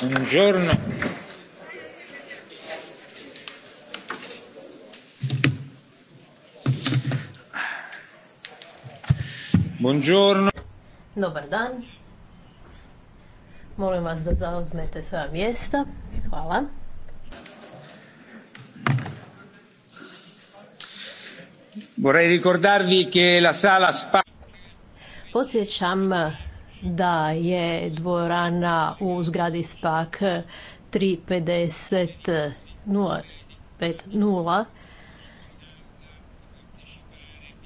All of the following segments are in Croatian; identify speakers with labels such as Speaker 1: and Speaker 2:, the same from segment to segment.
Speaker 1: Buongiorno. Buongiorno.
Speaker 2: Dobar dan. Molim vas da zauzmete sva mjesta. Hvala.
Speaker 1: Vorrei ricordarvi che la sala spa
Speaker 2: Podsjećam da je dvorana u zgradi SPAK 350050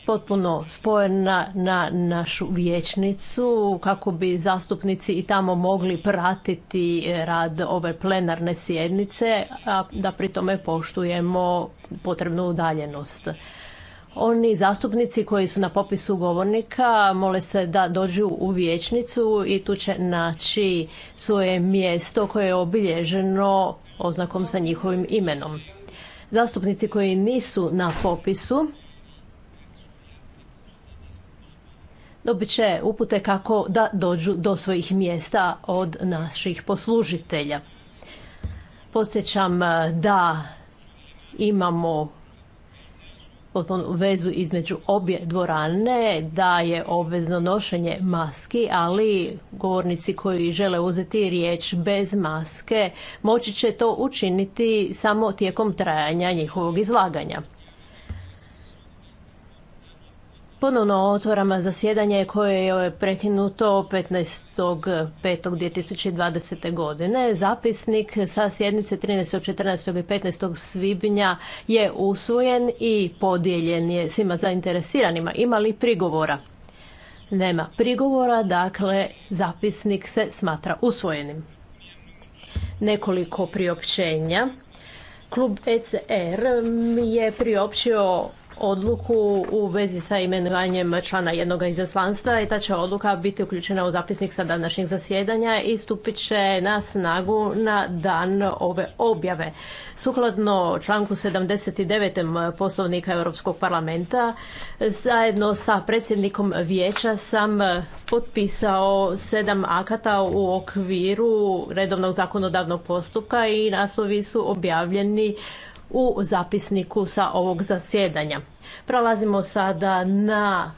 Speaker 2: potpuno spojena na našu vijećnicu kako bi zastupnici i tamo mogli pratiti rad ove plenarne sjednice, a da pri tome poštujemo potrebnu udaljenost. Oni zastupnici koji su na popisu govornika mole se da dođu u vijećnicu i tu će naći svoje mjesto koje je obilježeno oznakom sa njihovim imenom. Zastupnici koji nisu na popisu dobit će upute kako da dođu do svojih mjesta od naših poslužitelja. Podsjećam da imamo potpunu vezu između obje dvorane, da je obvezno nošenje maski, ali govornici koji žele uzeti riječ bez maske moći će to učiniti samo tijekom trajanja njihovog izlaganja. Ponovno otvaram zasjedanje koje je prekinuto 15.5.2020. godine. Zapisnik sa sjednice 13. 14. i 15. svibnja je usvojen i podijeljen je svima zainteresiranima. Ima li prigovora? Nema prigovora, dakle zapisnik se smatra usvojenim. Nekoliko priopćenja. Klub ECR je priopćio odluku u vezi sa imenovanjem člana jednog izaslanstva i ta će odluka biti uključena u zapisnik sa današnjeg zasjedanja i stupit će na snagu na dan ove objave. Sukladno članku 79. poslovnika Europskog parlamenta zajedno sa predsjednikom vijeća sam potpisao sedam akata u okviru redovnog zakonodavnog postupka i naslovi su objavljeni u zapisniku sa ovog zasjedanja. Prelazimo sada na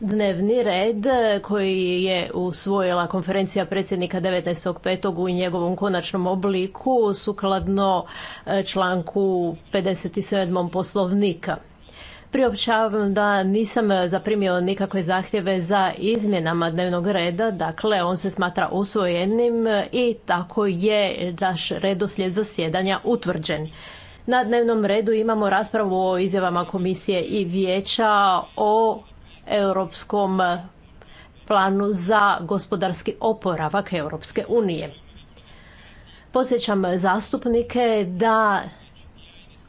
Speaker 2: dnevni red koji je usvojila konferencija predsjednika 19.5. u njegovom konačnom obliku sukladno e, članku 57. poslovnika. Priopćavam da nisam e, zaprimio nikakve zahtjeve za izmjenama dnevnog reda, dakle on se smatra usvojenim e, i tako je naš redoslijed zasjedanja utvrđen. Na dnevnom redu imamo raspravu o izjavama komisije i vijeća o europskom planu za gospodarski oporavak Europske unije. Posjećam zastupnike da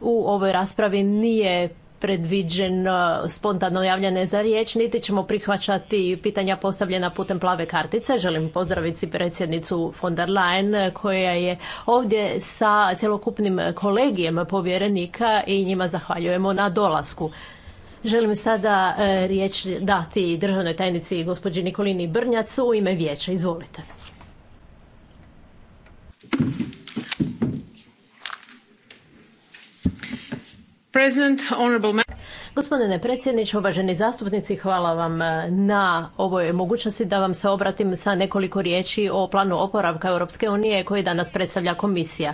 Speaker 2: u ovoj raspravi nije predviđen spontano javljene za riječ, niti ćemo prihvaćati pitanja postavljena putem plave kartice. Želim pozdraviti predsjednicu von der Leyen koja je ovdje sa cjelokupnim kolegijem povjerenika i njima zahvaljujemo na dolasku. Želim sada e, riječ dati državnoj tajnici gospođi Nikolini Brnjacu u ime vijeća. Izvolite. Gospodine predsjedniče, uvaženi zastupnici, hvala vam eh, na ovoj mogućnosti da vam se obratim sa nekoliko riječi o planu oporavka Europske unije koji danas predstavlja komisija.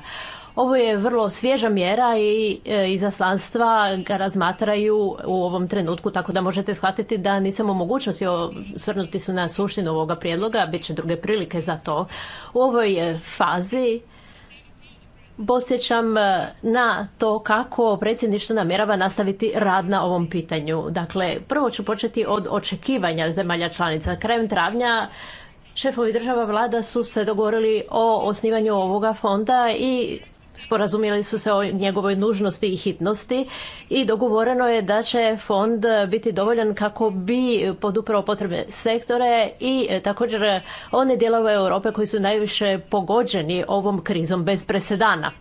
Speaker 2: Ovo je vrlo svježa mjera i eh, izaslanstva ga razmatraju u ovom trenutku, tako da možete shvatiti da nisam u mogućnosti osvrnuti se na suštinu ovoga prijedloga, bit će druge prilike za to. U ovoj eh, fazi posjećam e, na to kako predsjedništvo namjerava nastaviti rad na ovom pitanju. Dakle, prvo ću početi od očekivanja zemalja članica. Krajem travnja šefovi država vlada su se dogovorili o osnivanju ovoga fonda i sporazumjeli su se o njegovoj nužnosti i hitnosti i dogovoreno je da će fond biti dovoljan kako bi poduprao potrebne sektore i e, također one dijelove Europe koji su najviše pogođeni ovom krizom bez presedana.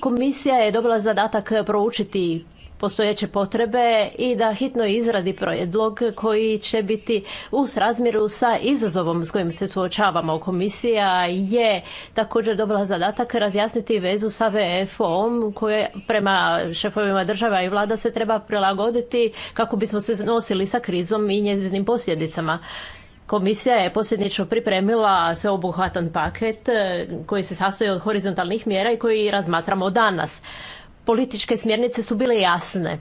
Speaker 2: Komisija je dobila zadatak proučiti postojeće potrebe i da hitno izradi prijedlog koji će biti u srazmjeru sa izazovom s kojim se suočavamo. Komisija je također dobila zadatak razjasniti vezu sa VFO-om koje prema šefovima država i vlada se treba prilagoditi kako bismo se nosili sa krizom i njezinim posljedicama. Komisija je posljednično pripremila sveobuhvatan paket koji se sastoji od horizontalnih mjera i koji razmatramo danas političke smjernice su bile jasne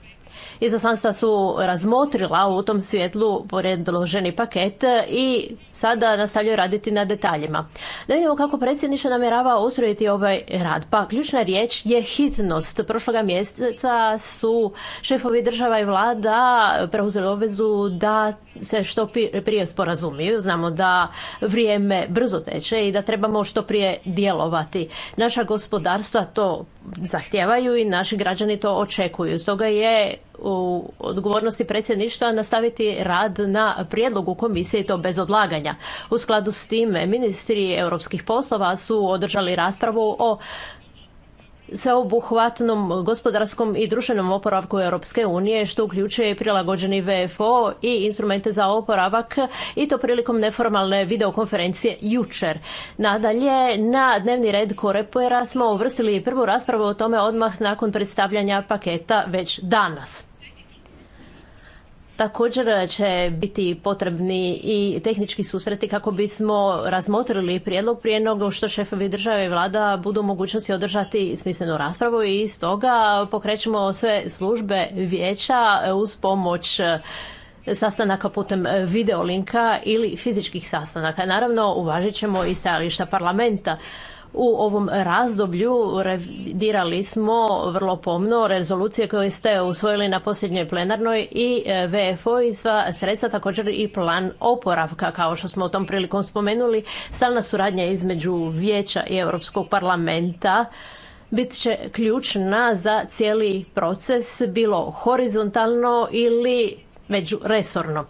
Speaker 2: izaslanstva su razmotrila u tom svjetlu poredloženi paket i sada nastavljaju raditi na detaljima. Da vidimo kako predsjedništvo namjerava ustrojiti ovaj rad. Pa ključna riječ je hitnost. Prošloga mjeseca su šefovi država i vlada preuzeli obvezu da se što prije sporazumiju. Znamo da vrijeme brzo teče i da trebamo što prije djelovati. Naša gospodarstva to zahtijevaju i naši građani to očekuju. Stoga je u odgovornosti predsjedništva nastaviti rad na prijedlogu komisije i to bez odlaganja. U skladu s tim ministri europskih poslova su održali raspravu o sveobuhvatnom gospodarskom i društvenom oporavku Europske unije, što uključuje prilagođeni VFO i instrumente za oporavak i to prilikom neformalne videokonferencije jučer. Nadalje, na dnevni red Korepojera smo uvrstili prvu raspravu o tome odmah nakon predstavljanja paketa već danas. Također eh, će biti potrebni i tehnički susreti kako bismo razmotrili prijedlog prije nego što šefovi države i vlada budu u mogućnosti održati smislenu raspravu i stoga pokrećemo sve službe vijeća eh, uz pomoć eh, sastanaka putem videolinka ili fizičkih sastanaka. Naravno, uvažit ćemo i stajališta parlamenta u ovom razdoblju revidirali smo vrlo pomno rezolucije koje ste usvojili na posljednjoj plenarnoj i e, VFO i sva sredstva također i plan oporavka kao što smo o tom prilikom spomenuli stalna suradnja između vijeća i Europskog parlamenta bit će ključna za cijeli proces bilo horizontalno ili međuresorno.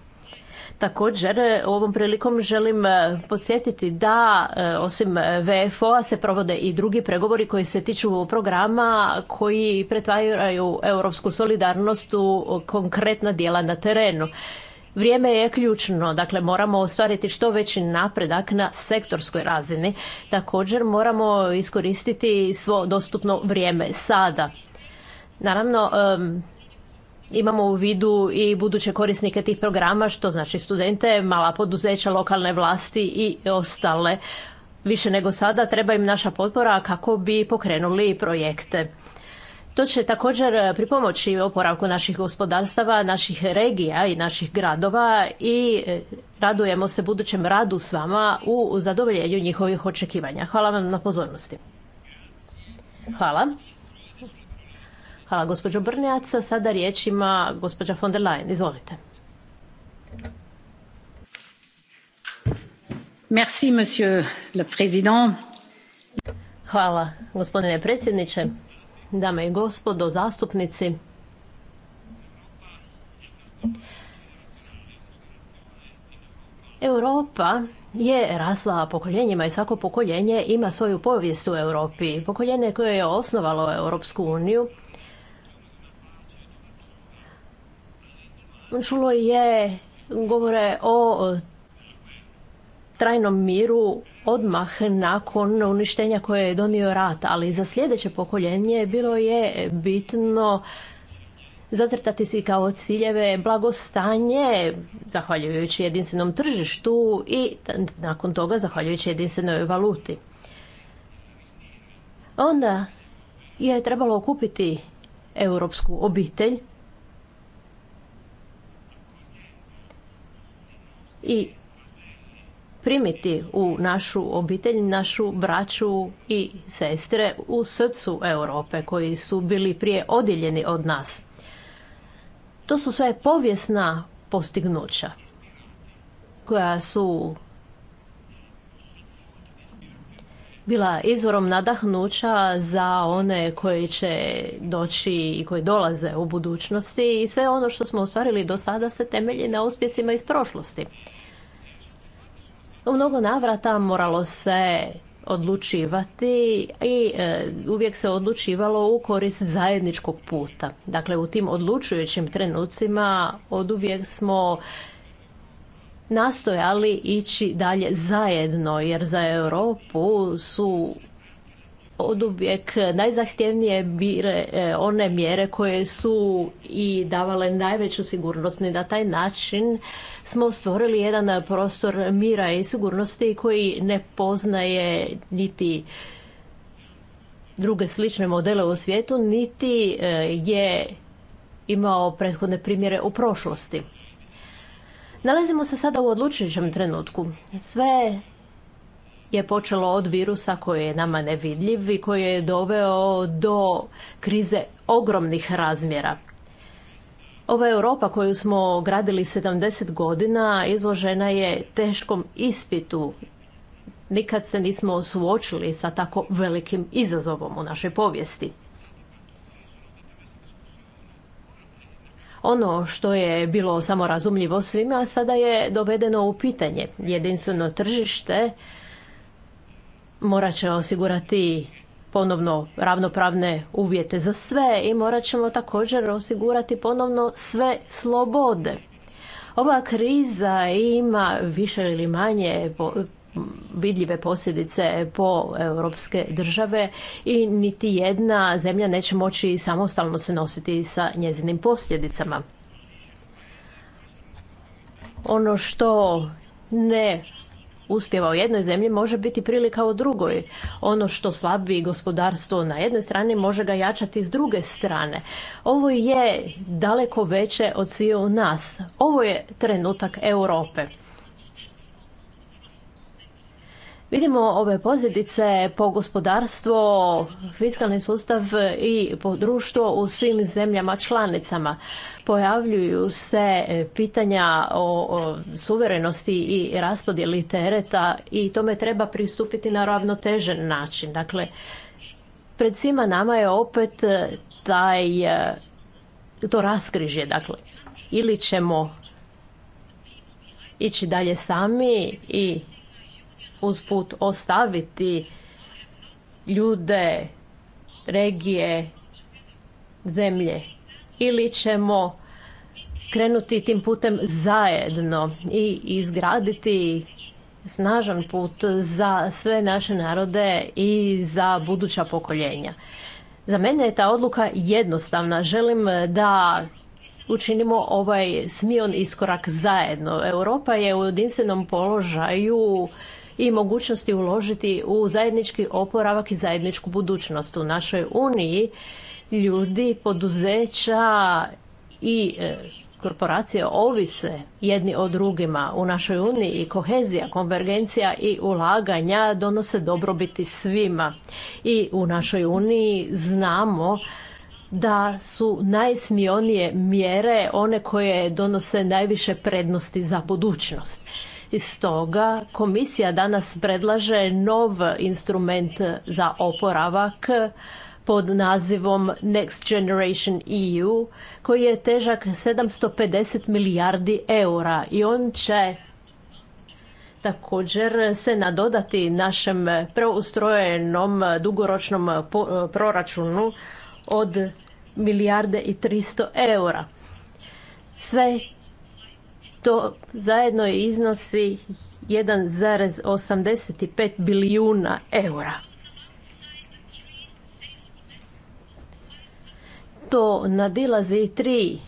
Speaker 2: Također, e, ovom prilikom želim e, posjetiti da e, osim VFO-a se provode i drugi pregovori koji se tiču programa koji pretvaraju europsku solidarnost u konkretna dijela na terenu. Vrijeme je ključno, dakle moramo ostvariti što veći napredak na sektorskoj razini. Također moramo iskoristiti svo dostupno vrijeme sada. Naravno, imamo u vidu i buduće korisnike tih programa, što znači studente, mala poduzeća, lokalne vlasti i ostale. Više nego sada treba im naša potpora kako bi pokrenuli projekte. To će također pripomoći oporavku naših gospodarstava, naših regija i naših gradova i e, radujemo se budućem radu s vama u zadovoljenju njihovih očekivanja. Hvala vam na pozornosti. Hvala. Hvala gospođo Brnjac. Sada riječ ima gospođa von der Leyen. Izvolite. Merci, monsieur le président. Hvala gospodine predsjedniče, dame i gospodo, zastupnici. Europa je rasla pokoljenjima i svako pokoljenje ima svoju povijest u Europi. Pokoljenje koje je osnovalo Europsku uniju čulo je govore o trajnom miru odmah nakon uništenja koje je donio rat, ali za sljedeće pokoljenje bilo je bitno zacrtati si kao ciljeve blagostanje zahvaljujući jedinstvenom tržištu i nakon toga zahvaljujući jedinstvenoj valuti. Onda je trebalo okupiti europsku obitelj i primiti u našu obitelj, našu braću i sestre u srcu Europe koji su bili prije odijeljeni od nas. To su sve povijesna postignuća koja su bila izvorom nadahnuća za one koji će doći i koji dolaze u budućnosti i sve ono što smo ostvarili do sada se temelji na uspjesima iz prošlosti. U mnogo navrata moralo se odlučivati i e, uvijek se odlučivalo u korist zajedničkog puta. Dakle, u tim odlučujućim trenucima od uvijek smo nastojali ići dalje zajedno, jer za Europu su od najzahtjevnije bile e, one mjere koje su i davale najveću sigurnost. I na taj način smo stvorili jedan prostor mira i sigurnosti koji ne poznaje niti druge slične modele u svijetu, niti e, je imao prethodne primjere u prošlosti. Nalazimo se sada u odlučujućem trenutku. Sve je počelo od virusa koji je nama nevidljiv i koji je doveo do krize ogromnih razmjera. Ova Europa koju smo gradili 70 godina izložena je teškom ispitu. Nikad se nismo suočili sa tako velikim izazovom u našoj povijesti. Ono što je bilo samorazumljivo svima sada je dovedeno u pitanje. Jedinstveno tržište morat će osigurati ponovno ravnopravne uvjete za sve i morat ćemo također osigurati ponovno sve slobode. Ova kriza ima više ili manje vidljive posljedice po europske države i niti jedna zemlja neće moći samostalno se nositi sa njezinim posljedicama. Ono što ne uspjeva u jednoj zemlji može biti prilika u drugoj. Ono što slabi gospodarstvo na jednoj strani može ga jačati s druge strane. Ovo je daleko veće od sviju nas. Ovo je trenutak Europe. Vidimo ove posljedice po gospodarstvo, fiskalni sustav i po društvo u svim zemljama članicama. Pojavljuju se e, pitanja o suverenosti i raspodjeli tereta i tome treba pristupiti na ravnotežen način. Dakle, pred svima nama je opet e, taj e, to raskrižje, dakle, ili ćemo ići dalje sami i usput ostaviti ljude, regije, zemlje ili ćemo krenuti tim putem zajedno i izgraditi snažan put za sve naše narode i za buduća pokoljenja. Za mene je ta odluka jednostavna. Želim da učinimo ovaj smion iskorak zajedno. Europa je u jedinstvenom položaju i mogućnosti uložiti u zajednički oporavak i zajedničku budućnost u našoj uniji ljudi, poduzeća i e, korporacije ovise jedni o drugima u našoj uniji i kohezija, konvergencija i ulaganja donose dobrobiti svima. I u našoj uniji znamo da su najsmionije mjere one koje donose najviše prednosti za budućnost. I stoga komisija danas predlaže nov instrument za oporavak pod nazivom Next Generation EU koji je težak 750 milijardi eura i on će također se nadodati našem preustrojenom dugoročnom proračunu od milijarde i 300 eura. Sve to zajedno iznosi 1,85 bilijuna eura. To nadilazi tri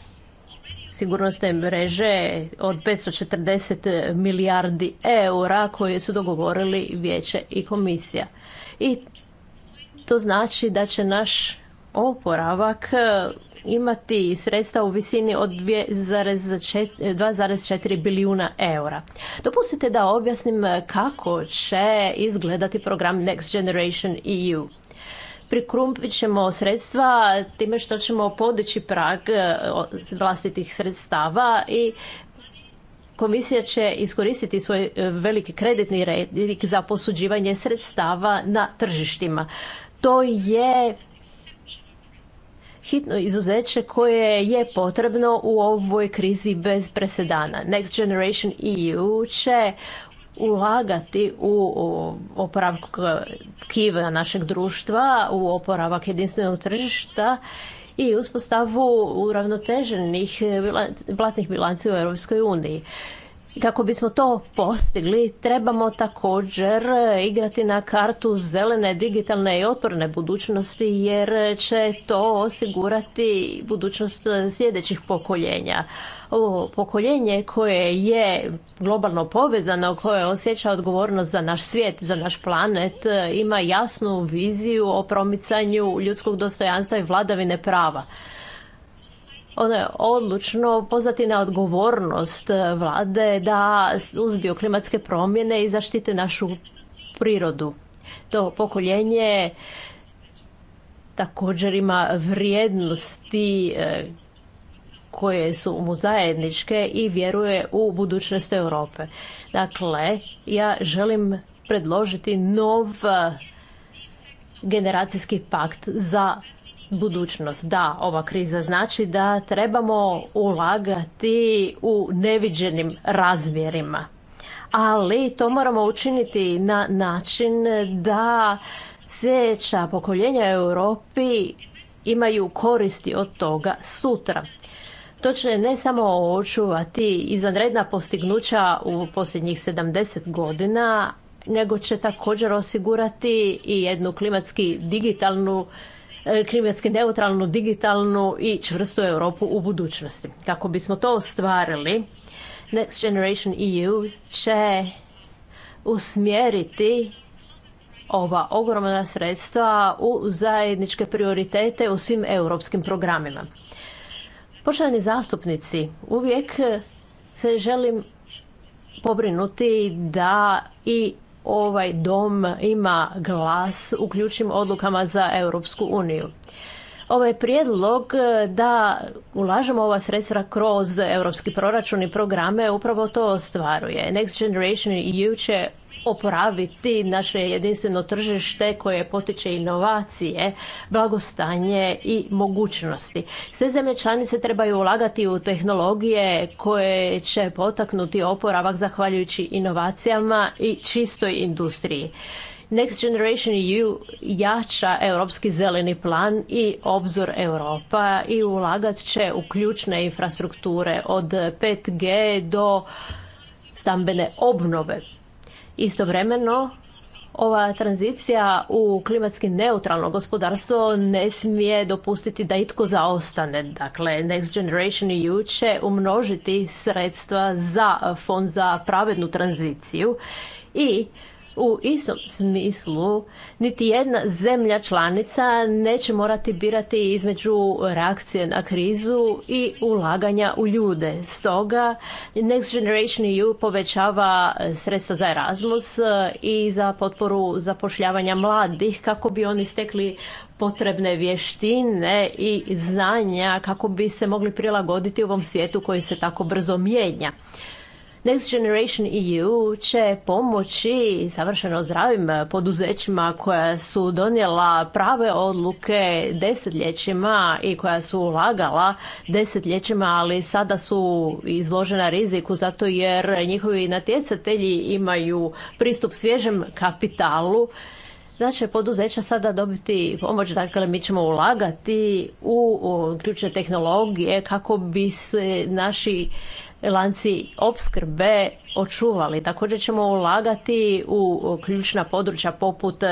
Speaker 2: sigurnosne mreže od 540 milijardi eura koje su dogovorili vijeće i komisija. I to znači da će naš oporavak imati sredstva u visini od 2,4 bilijuna eura. Dopustite da objasnim kako će izgledati program Next Generation EU. Prikrumpit ćemo sredstva time što ćemo podići prag e, vlastitih sredstava i Komisija će iskoristiti svoj e, veliki kreditni redik za posuđivanje sredstava na tržištima. To je hitno izuzeće koje je potrebno u ovoj krizi bez presedana. Next Generation EU će ulagati u oporavak kiva našeg društva, u oporavak jedinstvenog tržišta i uspostavu uravnoteženih platnih bilanci u EU. uniji kako bismo to postigli, trebamo također igrati na kartu zelene, digitalne i otvorne budućnosti, jer će to osigurati budućnost sljedećih pokoljenja. Ovo pokoljenje koje je globalno povezano, koje osjeća odgovornost za naš svijet, za naš planet, ima jasnu viziju o promicanju ljudskog dostojanstva i vladavine prava. Ono odlučno pozvati na odgovornost eh, vlade da uzbiju klimatske promjene i zaštite našu prirodu. To pokoljenje također ima vrijednosti eh, koje su mu zajedničke i vjeruje u budućnost Europe. Dakle, ja želim predložiti nov eh, generacijski pakt za budućnost. Da, ova kriza znači da trebamo ulagati u neviđenim razmjerima. Ali to moramo učiniti na način da sljedeća pokoljenja u Europi imaju koristi od toga sutra. To će ne samo očuvati izvanredna postignuća u posljednjih 70 godina, nego će također osigurati i jednu klimatski digitalnu E, klimatski neutralnu, digitalnu i čvrstu Europu u budućnosti. Kako bismo to ostvarili, Next Generation EU će usmjeriti ova ogromna sredstva u zajedničke prioritete u svim europskim programima. Poštovani zastupnici, uvijek se želim pobrinuti da i ovaj dom ima glas u ključnim odlukama za Europsku uniju. Ovaj prijedlog da ulažemo ova sredstva kroz europski proračun i programe upravo to ostvaruje. Next Generation EU će oporaviti naše jedinstveno tržište koje potiče inovacije, blagostanje i mogućnosti. Sve zemlje članice trebaju ulagati u tehnologije koje će potaknuti oporavak zahvaljujući inovacijama i čistoj industriji. Next Generation EU jača europski zeleni plan i obzor Europa i ulagat će u ključne infrastrukture od 5G do stambene obnove. Istovremeno, ova tranzicija u klimatski neutralno gospodarstvo ne smije dopustiti da itko zaostane. Dakle, Next Generation EU će umnožiti sredstva za fond za pravednu tranziciju i u istom smislu, niti jedna zemlja članica neće morati birati između reakcije na krizu i ulaganja u ljude. Stoga, Next Generation EU povećava sredstva za Erasmus e, i za potporu zapošljavanja mladih kako bi oni stekli potrebne vještine i znanja kako bi se mogli prilagoditi u ovom svijetu koji se tako brzo mijenja. Next Generation EU će pomoći savršeno zdravim poduzećima koja su donijela prave odluke desetljećima i koja su ulagala desetljećima, ali sada su izložena riziku zato jer njihovi natjecatelji imaju pristup svježem kapitalu Znači poduzeća sada dobiti pomoć, dakle mi ćemo ulagati u ključne tehnologije kako bi se naši lanci opskrbe očuvali. Također ćemo ulagati u ključna područja poput e,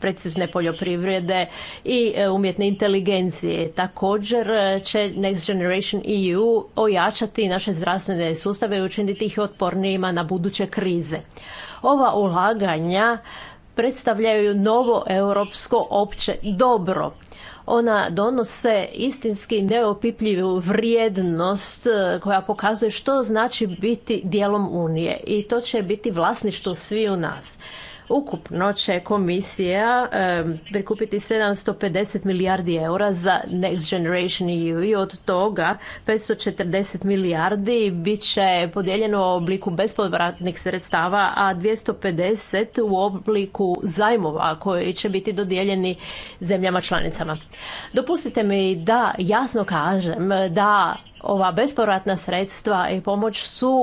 Speaker 2: precizne poljoprivrede i e, umjetne inteligencije. Također e, će Next Generation EU ojačati naše zdravstvene sustave i učiniti ih otpornijima na buduće krize. Ova ulaganja predstavljaju novo europsko opće dobro ona donose istinski neopipljivu vrijednost e, koja pokazuje što znači biti dijelom Unije i to će biti vlasništvo u nas. Ukupno će komisija prikupiti 750 milijardi eura za Next Generation EU i od toga 540 milijardi bit će podijeljeno u obliku bespovratnih sredstava, a 250 u obliku zajmova koji će biti dodijeljeni zemljama članicama. Dopustite mi da jasno kažem da ova bespovratna sredstva i pomoć su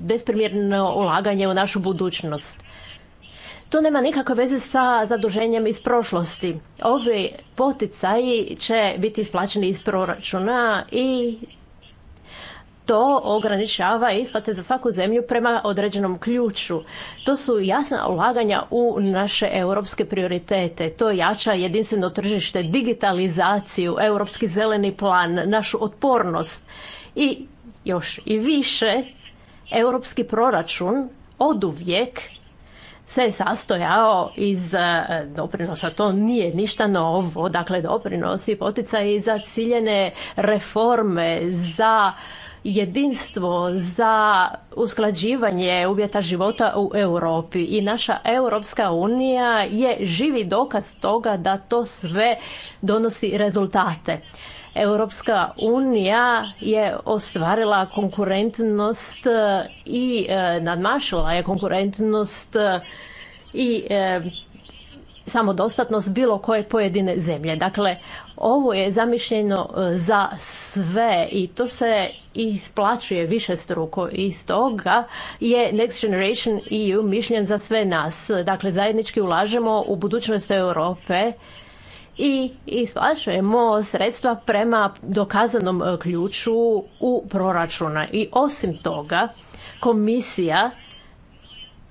Speaker 2: besprimjerno ulaganje u našu budućnost. To nema nikakve veze sa zaduženjem iz prošlosti. Ovi poticaji će biti isplaćeni iz proračuna i to ograničava isplate za svaku zemlju prema određenom ključu. To su jasna ulaganja u naše europske prioritete. To jača jedinstveno tržište, digitalizaciju, europski zeleni plan, našu otpornost i još i više europski proračun oduvijek se sastojao iz e, doprinosa. To nije ništa novo. Dakle, doprinosi poticaji za ciljene reforme, za jedinstvo, za usklađivanje uvjeta života u Europi. I naša Europska unija je živi dokaz toga da to sve donosi rezultate. Europska unija je ostvarila konkurentnost e, i e, nadmašila je konkurentnost e, i samodostatnost bilo koje pojedine zemlje. Dakle, ovo je zamišljeno za sve i to se isplaćuje više struko i stoga je Next Generation EU mišljen za sve nas. Dakle, zajednički ulažemo u budućnost Europe i isplaćujemo sredstva prema dokazanom e, ključu u proračuna. I osim toga, komisija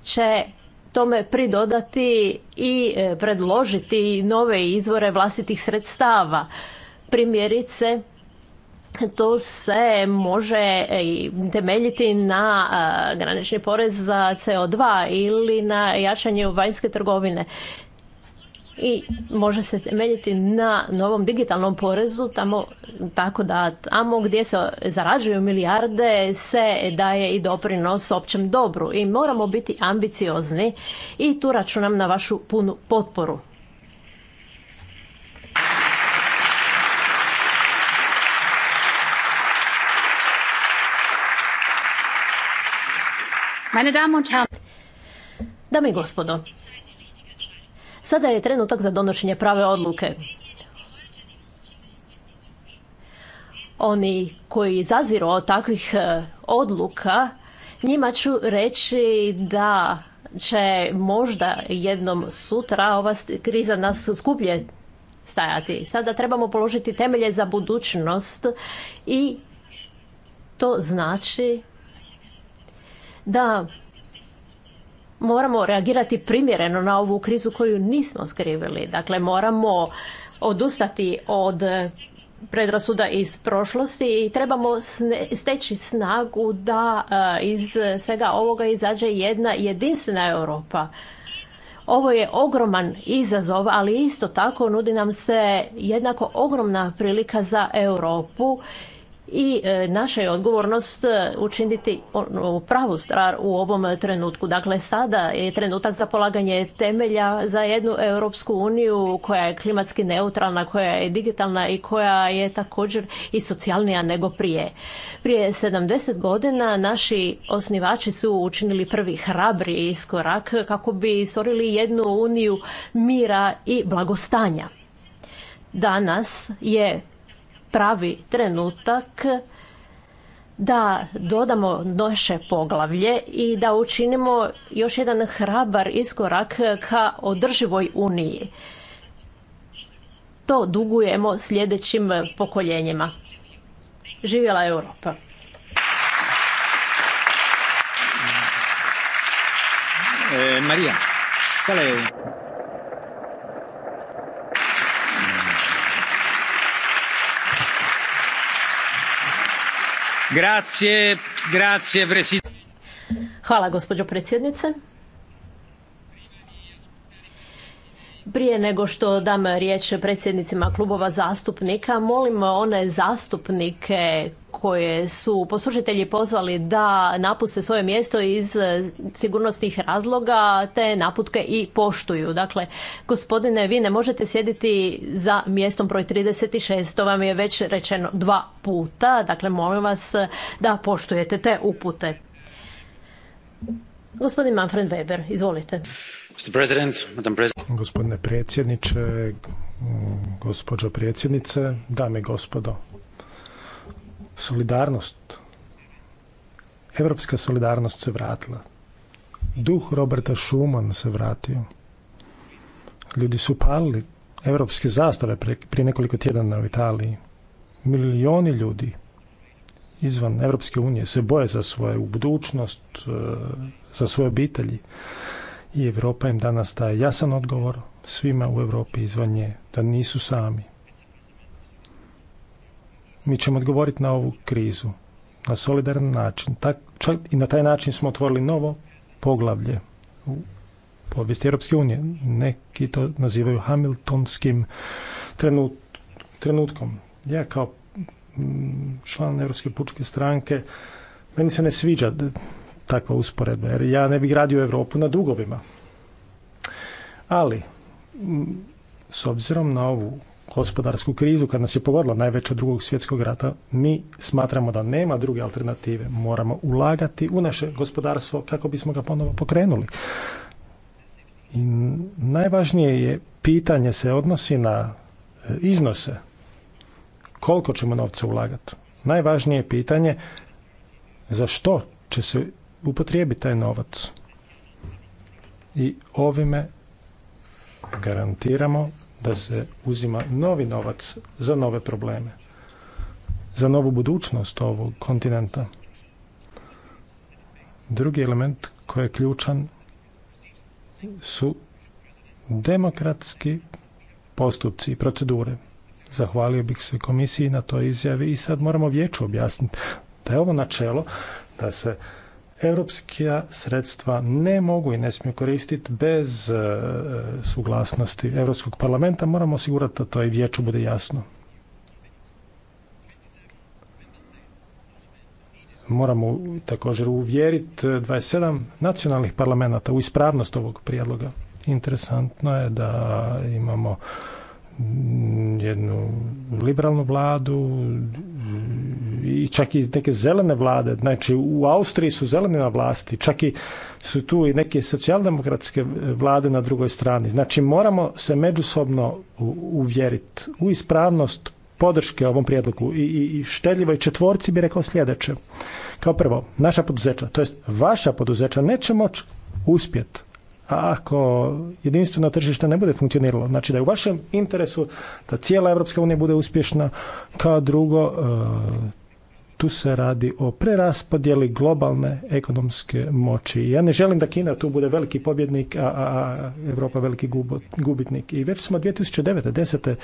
Speaker 2: će tome pridodati i e, predložiti nove izvore vlastitih sredstava. Primjerice, to se može e, temeljiti na granični porez za CO2 ili na jačanje vanjske trgovine i može se temeljiti na novom digitalnom porezu tamo, tako da tamo gdje se zarađuju milijarde se daje i doprinos općem dobru i moramo biti ambiciozni i tu računam na vašu punu potporu. Meine Damen und Herren. Dame i gospodo, Sada je trenutak za donošenje prave odluke. Oni koji zaziru od takvih e, odluka, njima ću reći da će možda jednom sutra ova kriza nas skuplje stajati. Sada trebamo položiti temelje za budućnost i to znači da moramo reagirati primjereno na ovu krizu koju nismo skrivili. Dakle, moramo odustati od predrasuda iz prošlosti i trebamo steći snagu da e, iz svega ovoga izađe jedna jedinstvena Europa. Ovo je ogroman izazov, ali isto tako nudi nam se jednako ogromna prilika za Europu i e, naša je odgovornost e, učiniti pravu stvar u ovom trenutku. Dakle, sada je trenutak za polaganje temelja za jednu Europsku uniju koja je klimatski neutralna, koja je digitalna i koja je također i socijalnija nego prije. Prije 70 godina naši osnivači su učinili prvi hrabri iskorak kako bi stvorili jednu uniju mira i blagostanja. Danas je pravi trenutak da dodamo naše poglavlje i da učinimo još jedan hrabar iskorak ka održivoj uniji. To dugujemo sljedećim pokoljenjima. Živjela Europa.
Speaker 1: E, Marija,
Speaker 2: Hvala gospođo predsjednice. Prije nego što dam riječ predsjednicima klubova zastupnika, molim one zastupnike koje su poslužitelji pozvali da napuste svoje mjesto iz e, sigurnosnih razloga, te naputke i poštuju. Dakle, gospodine, vi ne možete sjediti za mjestom broj 36, to vam je već rečeno dva puta, dakle molim vas da poštujete te upute. Gospodin Manfred Weber, izvolite.
Speaker 1: Gospodine predsjedniče, gospođo predsjednice, dame i gospodo, solidarnost, evropska solidarnost se vratila. Duh Roberta Schumann se vratio. Ljudi su palili evropske zastave prije nekoliko tjedana u Italiji. Milioni ljudi izvan Evropske unije se boje za svoju budućnost, eh, za svoje obitelji. I Europa im danas daje jasan odgovor svima u Europi izvan nje, da nisu sami mi ćemo odgovoriti na ovu krizu na solidaran način. Tak, čak i na taj način smo otvorili novo poglavlje u povijesti Europske unije. Neki to nazivaju Hamiltonskim trenutkom. Ja kao mm, član Europske pučke stranke, meni se ne sviđa takva usporedba, jer ja ne bih radio Europu na dugovima. Ali, mm, s obzirom na ovu gospodarsku krizu kad nas je pogodila najveća drugog svjetskog rata, mi smatramo da nema druge alternative. Moramo ulagati u naše gospodarstvo kako bismo ga ponovo pokrenuli. I najvažnije je pitanje se odnosi na e, iznose. Koliko ćemo novca ulagati? Najvažnije je pitanje za što će se upotrijebiti taj novac. I ovime garantiramo da se uzima novi novac za nove probleme, za novu budućnost ovog kontinenta. Drugi element koji je ključan su demokratski postupci i procedure. Zahvalio bih se komisiji na toj izjavi i sad moramo vječu objasniti da je ovo načelo da se europska sredstva ne mogu i ne smiju koristiti bez e, suglasnosti Europskog parlamenta. Moramo osigurati da to i vijeću bude jasno. Moramo također uvjeriti 27 nacionalnih parlamenta u ispravnost ovog prijedloga. Interesantno je da imamo jednu liberalnu vladu, i čak i neke zelene vlade, znači u Austriji su zeleni na vlasti, čak i su tu i neke socijaldemokratske vlade na drugoj strani. Znači moramo se međusobno uvjeriti u ispravnost podrške ovom prijedlogu i, i, i štedljivoj četvorci bi rekao sljedeće. Kao prvo, naša poduzeća, to jest vaša poduzeća neće moći uspjet ako jedinstveno tržište ne bude funkcioniralo, znači da je u vašem interesu da cijela Evropska unija bude uspješna, kao drugo e, tu se radi o preraspodjeli globalne ekonomske moći. Ja ne želim da Kina tu bude veliki pobjednik, a, a Europa veliki gubitnik. I već smo 2009. 10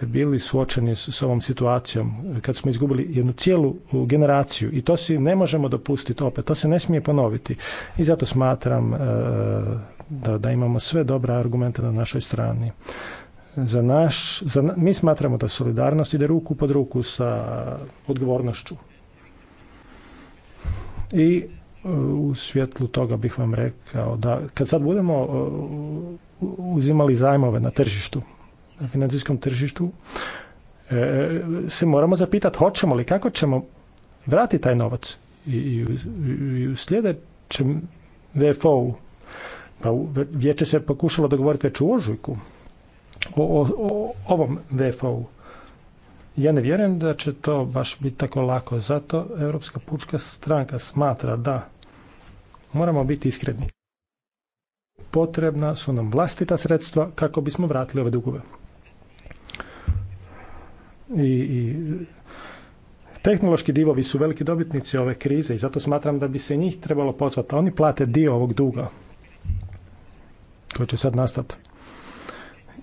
Speaker 1: bili suočeni s ovom situacijom, kad smo izgubili jednu cijelu generaciju i to si ne možemo dopustiti opet, to se ne smije ponoviti. I zato smatram e, da, da imamo sve dobre argumente na našoj strani za naš, za, mi smatramo da solidarnost ide ruku pod ruku sa odgovornošću. I e, u svjetlu toga bih vam rekao da kad sad budemo e, uzimali zajmove na tržištu, na financijskom tržištu, e, se moramo zapitati hoćemo li, kako ćemo vratiti taj novac i, i, i u sljedećem VFO-u, pa vijeće se pokušalo dogovoriti već u ožujku, o, o ovom VFO-u. Ja ne vjerujem da će to baš biti tako lako, zato Europska pučka stranka smatra da moramo biti iskreni. Potrebna su nam vlastita sredstva kako bismo vratili ove dugove. I, i tehnološki divovi su veliki dobitnici ove krize i zato smatram da bi se njih trebalo pozvati. Oni plate dio ovog duga koji će sad nastati.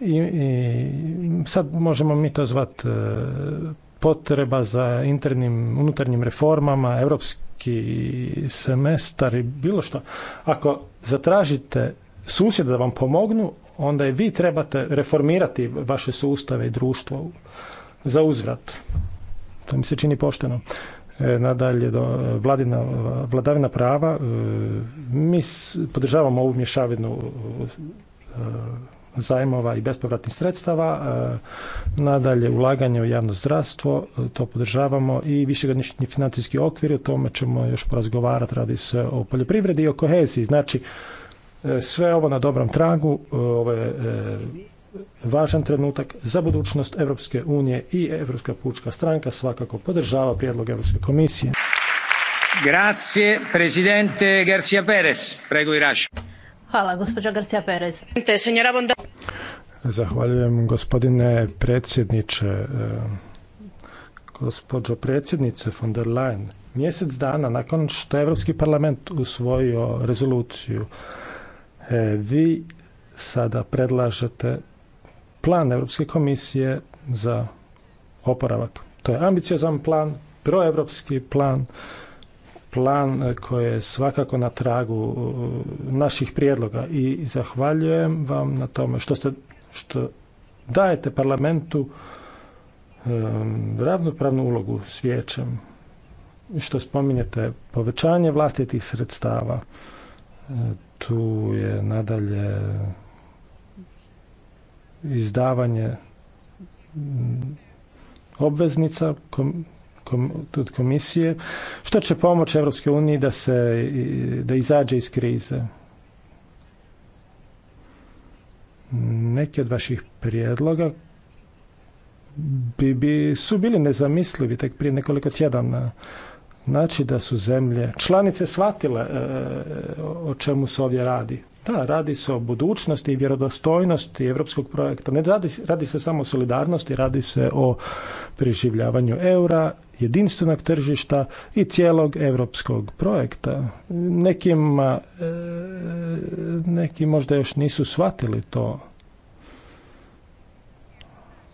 Speaker 1: I, sad možemo mi to zvat e, potreba za internim, unutarnjim reformama, europski semestar i bilo što. Ako zatražite susjeda da vam pomognu, onda i vi trebate reformirati vaše sustave i društvo za uzvrat. To mi se čini pošteno. E, nadalje, do, vladina, vladavina prava, e, mi podržavamo ovu mješavinu zajmova i bespovratnih sredstava. E, nadalje, ulaganje u javno zdravstvo, e, to podržavamo i višegodišnji financijski okvir, o tome ćemo još porazgovarati, radi se o poljoprivredi i o koheziji. Znači, e, sve ovo na dobrom tragu, ovo je važan trenutak za budućnost Europske
Speaker 2: unije i Europska
Speaker 1: pučka stranka svakako podržava prijedlog Europske komisije. Grazie, presidente Garcia Perez. Prego, Raša
Speaker 2: Hvala, gospođa Garcia Perez.
Speaker 1: Zahvaljujem gospodine predsjedniče. E, gospođo predsjednice von der Leyen, mjesec dana nakon što je Europski parlament usvojio rezoluciju, e, vi sada predlažete plan Europske komisije za oporavak. To je ambiciozan plan, proevropski plan, plan e, koji je svakako na tragu e, naših prijedloga i zahvaljujem vam na tome što, ste, što dajete parlamentu e, ravnopravnu ulogu s vijećem što spominjete povećanje vlastitih sredstava tu je nadalje izdavanje obveznica komisije, što će pomoći Europske uniji da se da izađe iz krize. Neki od vaših prijedloga bi, bi, su bili nezamislivi tek prije nekoliko tjedana. Znači da su zemlje članice shvatile e, o čemu se ovdje radi. Da, radi se o budućnosti i vjerodostojnosti europskog projekta. Ne radi, radi se samo o solidarnosti, radi se o preživljavanju eura jedinstvenog tržišta i cijelog europskog projekta. Nekim, e, neki možda još nisu shvatili to.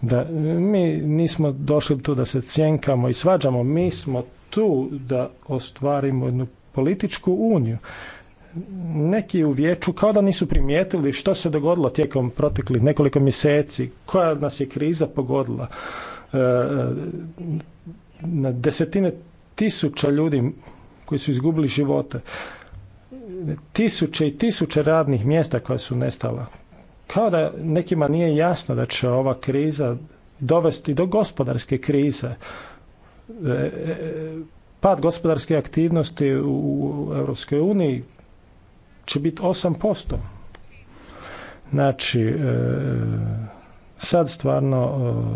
Speaker 1: Da, mi nismo došli tu da se cjenkamo i svađamo, mi smo tu da ostvarimo jednu političku uniju. Neki u vijeću kao da nisu primijetili što se dogodilo tijekom proteklih nekoliko mjeseci, koja nas je kriza pogodila. E, na desetine tisuća ljudi koji su izgubili živote, tisuće i tisuće radnih mjesta koja su nestala. Kao da nekima nije jasno da će ova kriza dovesti do gospodarske krize. E, e, pad gospodarske aktivnosti u Europskoj uniji će biti 8%. Znači, e, Sad stvarno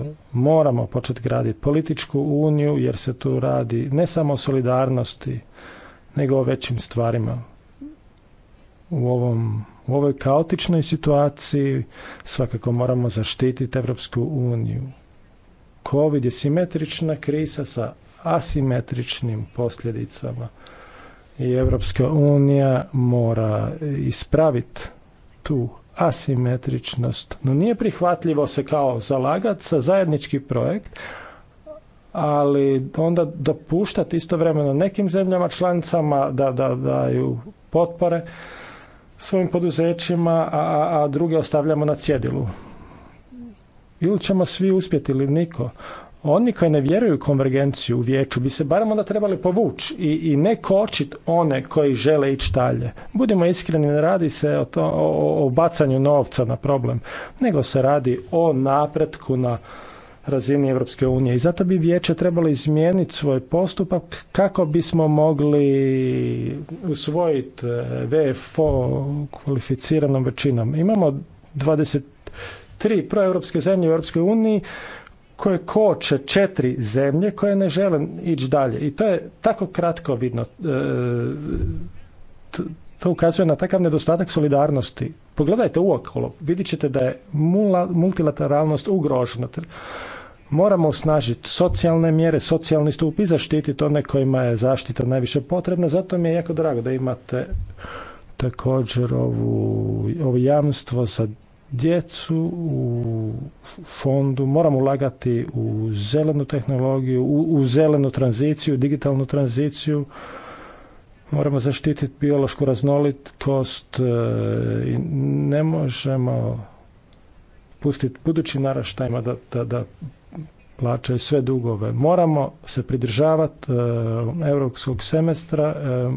Speaker 1: e, moramo početi graditi političku uniju jer se tu radi ne samo o solidarnosti, nego o većim stvarima. U, ovom, ovoj kaotičnoj situaciji svakako moramo zaštititi Evropsku uniju. Covid je simetrična kriza sa asimetričnim posljedicama i Evropska unija mora ispraviti tu asimetričnost. No nije prihvatljivo se kao zalagat za zajednički projekt, ali onda dopuštati istovremeno nekim zemljama članicama da, da daju potpore svojim poduzećima, a, a druge ostavljamo na cjedilu. Ili ćemo svi uspjeti ili niko. Oni koji ne vjeruju konvergenciju u vijeću bi se barem onda trebali povući i, i ne kočiti one koji žele ići dalje. Budimo iskreni, ne radi se o, to, o, bacanju novca na problem, nego se radi o napretku na razini Europske unije i zato bi vijeće trebalo izmijeniti svoj postupak kako bismo mogli usvojiti e, VFO kvalificiranom većinom. Imamo 23 proeuropske zemlje u Europskoj uniji koje koče četiri zemlje koje ne žele ići dalje. I to je tako kratko vidno. E, to ukazuje na takav nedostatak solidarnosti. Pogledajte uokolo, vidjet ćete da je multilateralnost ugrožena. Moramo osnažiti socijalne mjere, socijalni stup i zaštiti one kojima je zaštita najviše potrebna. Zato mi je jako drago da imate također ovu, ovo jamstvo za djecu, u fondu, moramo ulagati u zelenu tehnologiju, u, zelenu tranziciju, digitalnu tranziciju, moramo zaštititi biološku raznolikost e, i ne možemo pustiti budući naraštajima da, da, da plaćaju sve dugove. Moramo se pridržavati europskog semestra, e,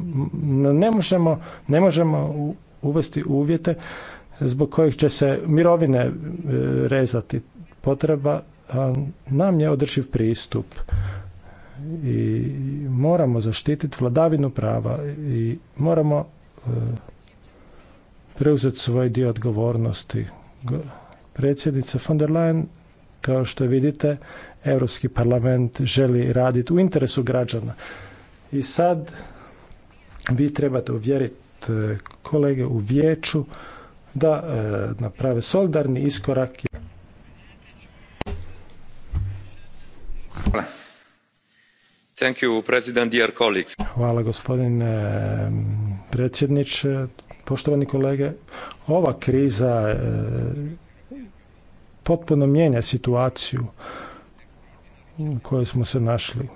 Speaker 1: ne možemo, ne možemo uvesti uvjete zbog kojih će se mirovine e, rezati. Potreba nam je održiv pristup i moramo zaštititi vladavinu prava i moramo e, preuzeti svoj dio odgovornosti. Predsjednica von der Leyen, kao što vidite, Europski parlament želi raditi u interesu građana. I sad vi trebate uvjeriti e, kolege u vijeću da e, naprave solidarni iskorak.
Speaker 2: Hvala. Thank you, President, dear colleagues.
Speaker 1: Hvala gospodine predsjedniče, poštovani kolege. Ova kriza e, potpuno mijenja situaciju u kojoj smo se našli.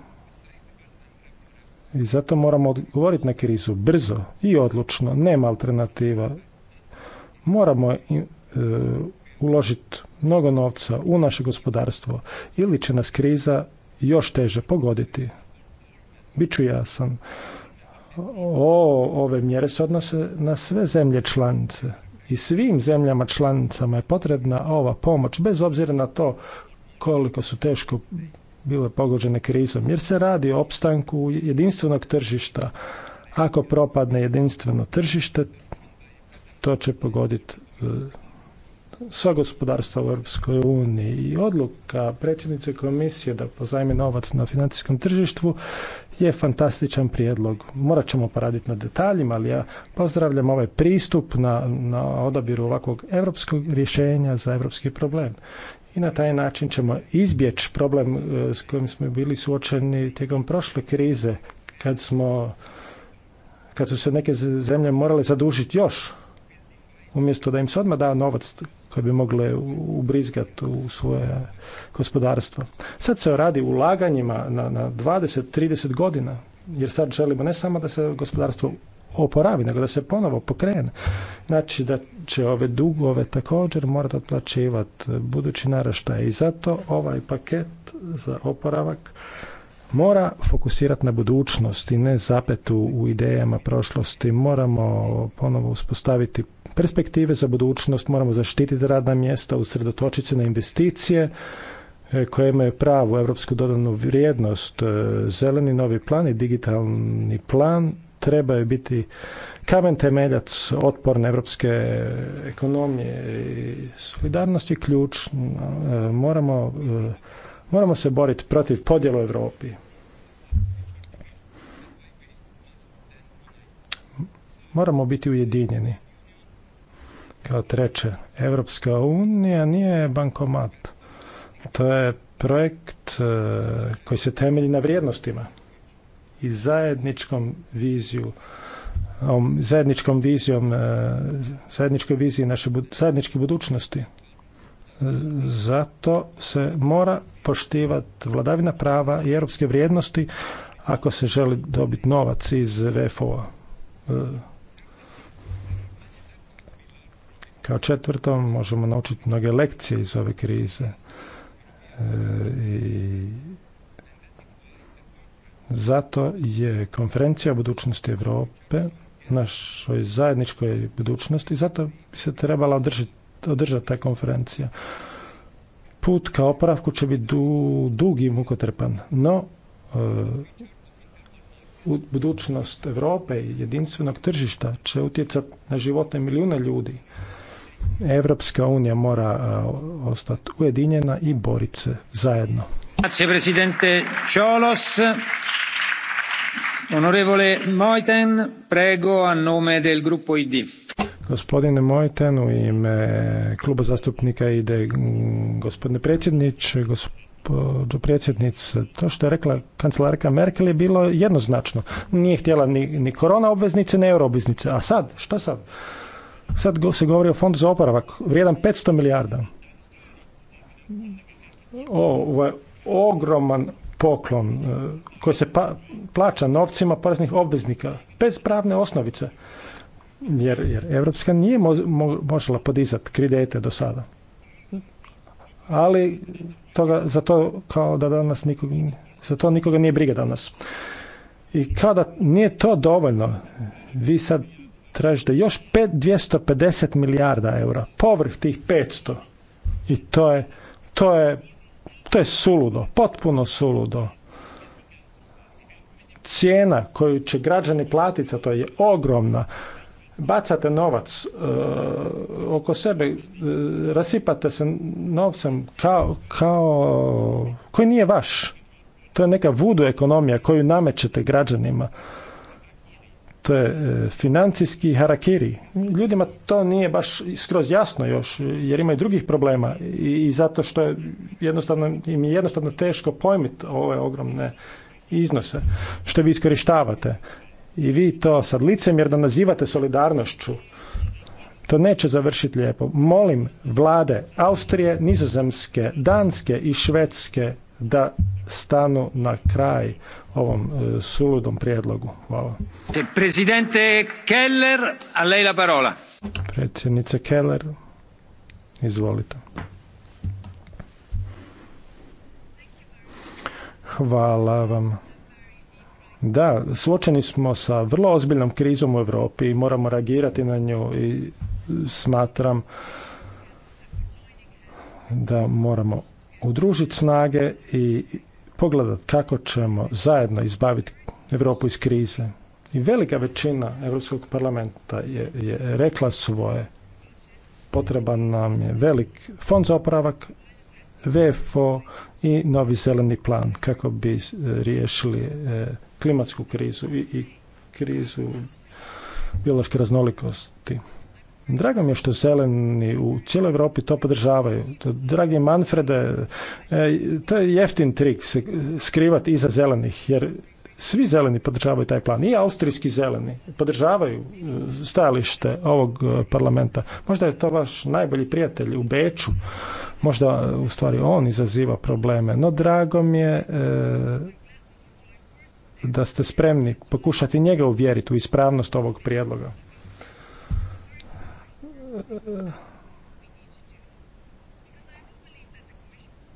Speaker 1: I zato moramo odgovoriti na krizu brzo i odlučno. Nema alternativa moramo e, uložiti mnogo novca u naše gospodarstvo ili će nas kriza još teže pogoditi. Biću jasan. O, ove mjere se odnose na sve zemlje članice i svim zemljama članicama je potrebna ova pomoć bez obzira na to koliko su teško bile pogođene krizom jer se radi o opstanku jedinstvenog tržišta. Ako propadne jedinstveno tržište, to će pogoditi e, sva gospodarstva u Europskoj uniji i odluka predsjednice komisije da pozajmi novac na financijskom tržištu je fantastičan prijedlog. Morat ćemo poraditi na detaljima, ali ja pozdravljam ovaj pristup na, na odabiru ovakvog europskog rješenja za europski problem. I na taj način ćemo izbjeći problem e, s kojim smo bili suočeni tijekom prošle krize kad smo kad su se neke zemlje morale zadužiti još umjesto da im se odmah da novac koji bi mogle ubrizgati u svoje gospodarstvo. Sad se radi ulaganjima na, na 20-30 godina, jer sad želimo ne samo da se gospodarstvo oporavi, nego da se ponovo pokrene. Znači da će ove dugove također morati otplaćivati budući naraštaj i zato ovaj paket za oporavak mora fokusirati na budućnost i ne zapetu u idejama prošlosti. Moramo ponovo uspostaviti perspektive za budućnost, moramo zaštititi radna mjesta, usredotočiti se na investicije e, koje imaju pravu europsku dodanu vrijednost, e, zeleni novi plan i digitalni plan trebaju biti kamen temeljac otporne evropske ekonomije i solidarnost je ključ. E, moramo, moramo se boriti protiv podjela u Europi. Moramo biti ujedinjeni. Kao treće, Evropska unija nije bankomat. To je projekt e, koji se temelji na vrijednostima i zajedničkom viziju zajedničkom vizijom e, zajedničkoj viziji naše zajedničke budućnosti zato se mora poštivati vladavina prava i europske vrijednosti ako se želi dobiti novac iz VFO-a e, Kao četvrto, možemo naučiti mnoge lekcije iz ove krize. E, I zato je konferencija o budućnosti Europe našoj zajedničkoj budućnosti, zato bi se trebala održati, ta konferencija. Put ka oporavku će biti du, dug i mukotrpan, no e, budućnost Europe i jedinstvenog tržišta će utjecati na živote milijuna ljudi. Evropska unija mora ostati ujedinjena i boriti se zajedno. presidente Onorevole Mojten, prego a nome del gruppo ID. Gospodine Mojten, u ime kluba zastupnika ide gospodine predsjedniče, gospođo predsjednic to što je rekla kancelarka Merkel je bilo jednoznačno. Nije htjela ni, ni korona obveznice, ni euro obveznice. A sad, šta sad? Sad se govori o fondu za oporavak, vrijedan 500 milijarda. Ovo je ogroman poklon e, koji se pa- plaća novcima poreznih obveznika bez pravne osnovice. Jer, jer Evropska nije mo, možela podizati kredite do sada. Ali toga, za to kao da danas nikog, za to nikoga nije briga danas. I kada nije to dovoljno. Vi sad tražite još 250 milijarda eura, povrh tih 500. I to je, to je, to je suludo, potpuno suludo. Cijena koju će građani platiti za to je ogromna. Bacate novac e, oko sebe, e, rasipate se novcem kao, kao, koji nije vaš. To je neka vudu ekonomija koju namećete građanima. To je e, financijski harakiri. Ljudima to nije baš skroz jasno još, jer imaju drugih problema i zato što je jednostavno, im je jednostavno teško pojmiti ove ogromne iznose što vi iskorištavate. I vi to sad licemjerno nazivate solidarnošću. To neće završiti lijepo. Molim vlade Austrije, Nizozemske, Danske i Švedske da stanu na kraj ovom e, suludom prijedlogu. Hvala. Presidente Keller, a lei la parola. Predsjednice Keller, izvolite. Hvala vam. Da, suočeni smo sa vrlo ozbiljnom krizom u Europi i moramo reagirati na nju i smatram da moramo udružiti snage i pogledat kako ćemo zajedno izbaviti Europu iz krize. I velika većina Europskog parlamenta je, je rekla svoje. Potreban nam je velik fond za oporavak, VFO i novi zeleni plan kako bi e, riješili e, klimatsku krizu i, i krizu biološke raznolikosti. Drago mi je što zeleni u cijeloj Europi to podržavaju. Dragi Manfrede, e, to je jeftin trik se skrivati iza zelenih, jer svi zeleni podržavaju taj plan. I austrijski zeleni podržavaju e, stajalište ovog e, parlamenta. Možda je to vaš najbolji prijatelj u Beču. Možda u stvari on izaziva probleme. No drago mi je da ste spremni pokušati njega uvjeriti u ispravnost ovog prijedloga.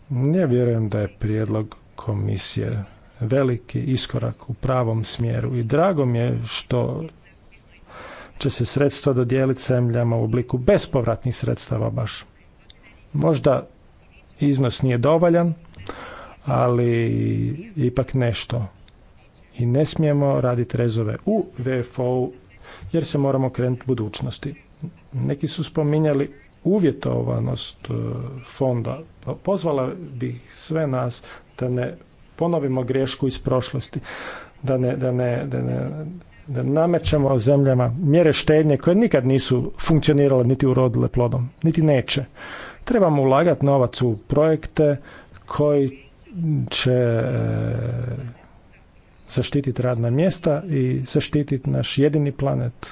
Speaker 1: Ne vjerujem da je prijedlog komisije veliki iskorak u pravom smjeru i drago mi je što će se sredstva dodijeliti zemljama u obliku bespovratnih sredstava baš. Možda iznos nije dovoljan, ali ipak nešto. I ne smijemo raditi rezove u VFO-u jer se moramo krenuti budućnosti. Neki su spominjali uvjetovanost e, fonda. Pa pozvala bih sve nas da ne ponovimo grešku iz prošlosti, da ne, da ne, da namećemo zemljama mjere štednje koje nikad nisu funkcionirale niti urodile plodom, niti neće. Trebamo ulagati novac u projekte koji će e, zaštititi radna mjesta i zaštititi naš jedini planet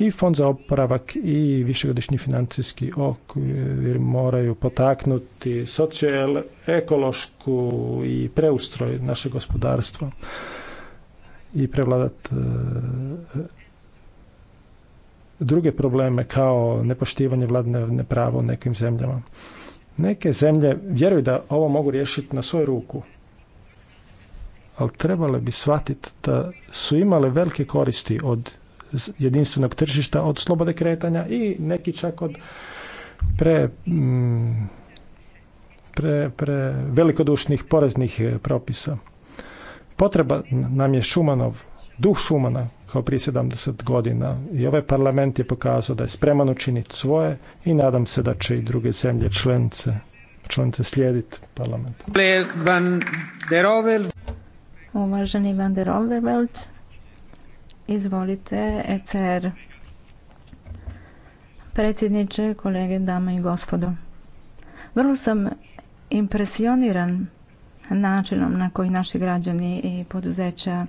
Speaker 1: i Fond za oporavak i višegodišnji financijski okvir moraju potaknuti ekološku i preustroj naše gospodarstva i prevladat e, druge probleme kao nepoštivanje vladne prava u nekim zemljama. Neke zemlje vjeruju da ovo mogu riješiti na svoju ruku, ali trebale bi shvatiti da su imale velike koristi od jedinstvenog tržišta, od slobode kretanja i neki čak od pre, mm, pre, pre velikodušnih poreznih e, propisa. Potreba nam je Šumanov, duh Šumana kao prije 70 godina i ovaj parlament je pokazao da je spreman učiniti svoje i nadam se da će i druge zemlje članice članice slijediti parlament.
Speaker 3: Uvaženi Van der Overveld, Izvolite, ECR. Predsjedniče, kolege, dame i gospodo. Vrlo sam impresioniran načinom na koji naši građani i poduzeća